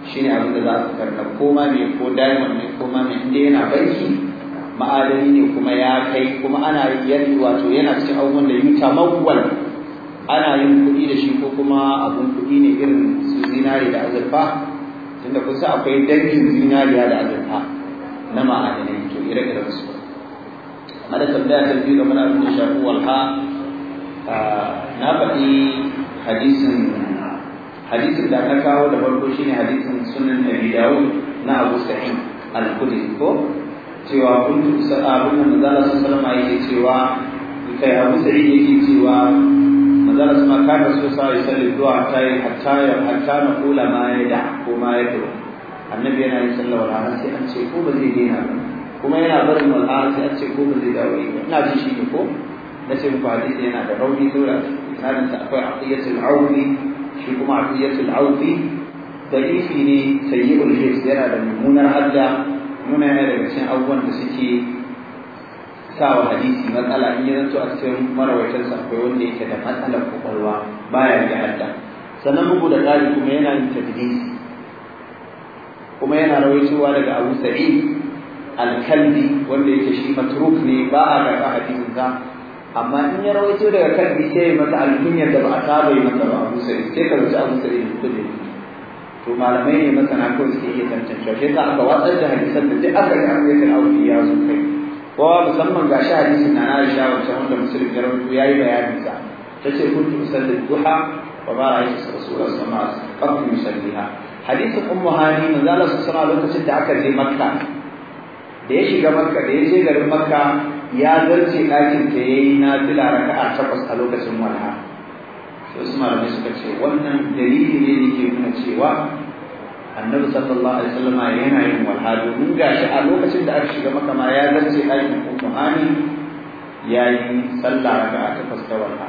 shi ne abin da za su karna koma ne ko diamond ne koma ne inda yana barki ma'adani ne kuma ya kai kuma ana yin wato yana cikin abubuwan da yuta mawwal ana yin kuɗi da shi ko kuma abun kuɗi ne irin su zinari da azurfa tunda kusa akwai dangin zinariya da azurfa na ma'adanai to ire-iren su amma da tambaya ta biyu game da abin da shafi walha na faɗi hadisin hadisin da aka kawo da farko shine hadisin sunan Abi Dawud na Abu Sa'id al-Khudri ko cewa kun sa'a abin da Allah sallallahu alaihi cewa kai Abu Sa'id yake cewa manzala sama ka rasu sallallahu alaihi wasallam du'a tayi hatta ya hatta na kula ma ya da ko ma ya da annabi yana yin sallah wal asr sai an ce ko ba zai daina ba kuma yana barin wal asr sai an ce ko ba zai dawo ba ina ji shi ne ko na ce muku hadisi yana da rauni saboda misalin sa akwai aqiyatul auni shi kuma aqiyatul da da'ifi ne sayyi'ul hirs yana da mummunar hadda muna yana daga cin abubuwan da suke sawa hadisi matsala in ya zanto a cikin marawaitar sa akwai wanda yake da matsalar kwakwalwa baya da hadda sannan bugu da ƙari kuma yana da tadrisi kuma yana rawaitowa daga Abu Sa'id al-Kalbi wanda yake shi matruk ne ba a ga hadisin sa amma in ya rawaito daga Kalbi sai masa alkunyar da ba a saba yi masa ba Abu Sa'id sai ka rubuta Abu Sa'id al-Kalbi to malamai ne masana ko suke iya tantance shi za aka watsar da hadisan da duk aka ga an yi aure ya zo kai kowa musamman ga shi hadisin na Aisha wacce wanda musulmi ya rawaito yayi bayanin sa tace kuntu usalli duha wa ba ra'aytu rasulullah sallallahu alaihi wasallam qad yusalliha hadisin ummu hani manzo Allah sallallahu alaihi lokacin da aka je makka da ya shiga makka da ya je garin makka ya zarce ɗakin ta yayi na fila raka'a takwas a lokacin walha sai wasu malamai suka ce wannan dalili ne da ke nuna cewa annabi sallallahu alaihi wasallam yana yin walha domin gashi a lokacin da aka shiga makka ma ya zarce dakin ummu hani yayi sallah raka'a takwas da walha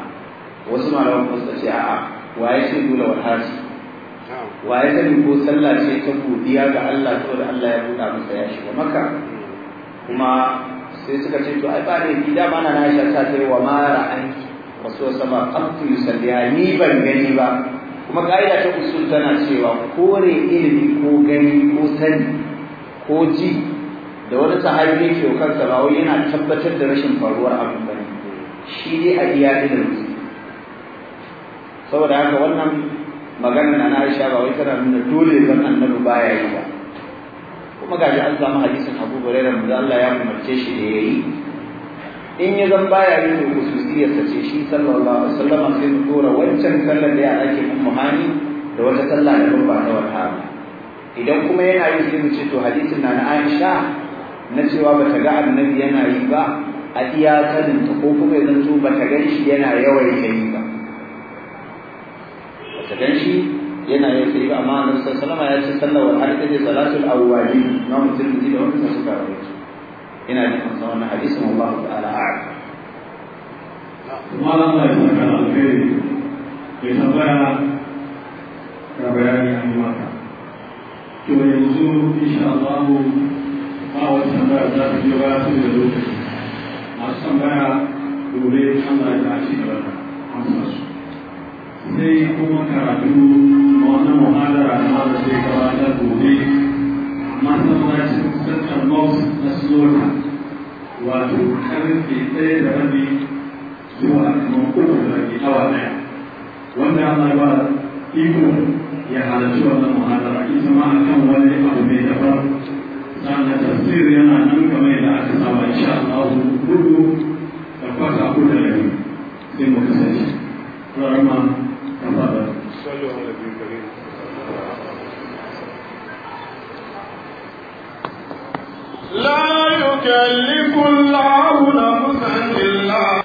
wasu malamai suka ce a'a wa yake dole walha wa ya sani ko sallah ce ta godiya ga Allah saboda Allah ya buɗa masa ya shiga maka kuma sai suka ce to ai ba ne gida ba na Aisha ta ce wa ma ra'anki rasul sama qattu yusalliya ni ban gani ba kuma ka'ida ta usul tana cewa kore ilimi ko gani ko sani ko ji da wani sahabi yake kansa ba wai yana tabbatar da rashin faruwar abin bane shi ne a iya ilimin saboda haka wannan magana na Aisha ba wai tana nuna dole zan annabi baya yi ba kuma gaji an samu hadisin Abu Hurairah da Allah ya umarce shi da yayi in ya zan baya yi to kususiyar sa ce shi sallallahu alaihi wasallam sai mu dora wancan sallar da ya ake mun muhani da wata sallah da ba ta wata idan kuma yana yi sai mu ce to hadisin na na Aisha na cewa bata ga annabi yana yi ba a iya ta ko kuma yanzu bata gan shi yana yawan yi ba ta gan shi yana yin sai ba amma annabi sallallahu alaihi wasallam ya ce sallawar har ta ce salatul awwali na mutum da wanda sa suka rawaito ina da kan sa wannan hadisin wallahu ta'ala a'lam malam da ya kan alheri ya tambaya ga bayani a yi maka to yanzu insha Allah ba wata tambaya za ta biyo ba su da lokaci masu tambaya gobe Allah ya ci gaba da amsa su sai kuma karatu a wani muhadara na wanda zai gabatar gobe masallacin central mosque na slota wato karfe ɗaya da rabi zuwa kuma uku da rabi awa ɗaya wanda ana ba iko ya halarci wannan muhadara ita ma a kan wani abu mai dabar sannan tafsir yana nan kamar yadda aka saba insha Allah hudu da kwata hudu da rabi sai mu kasance. Rahman صلوا على النبي الكريم لا يكلف الله نفسا إلا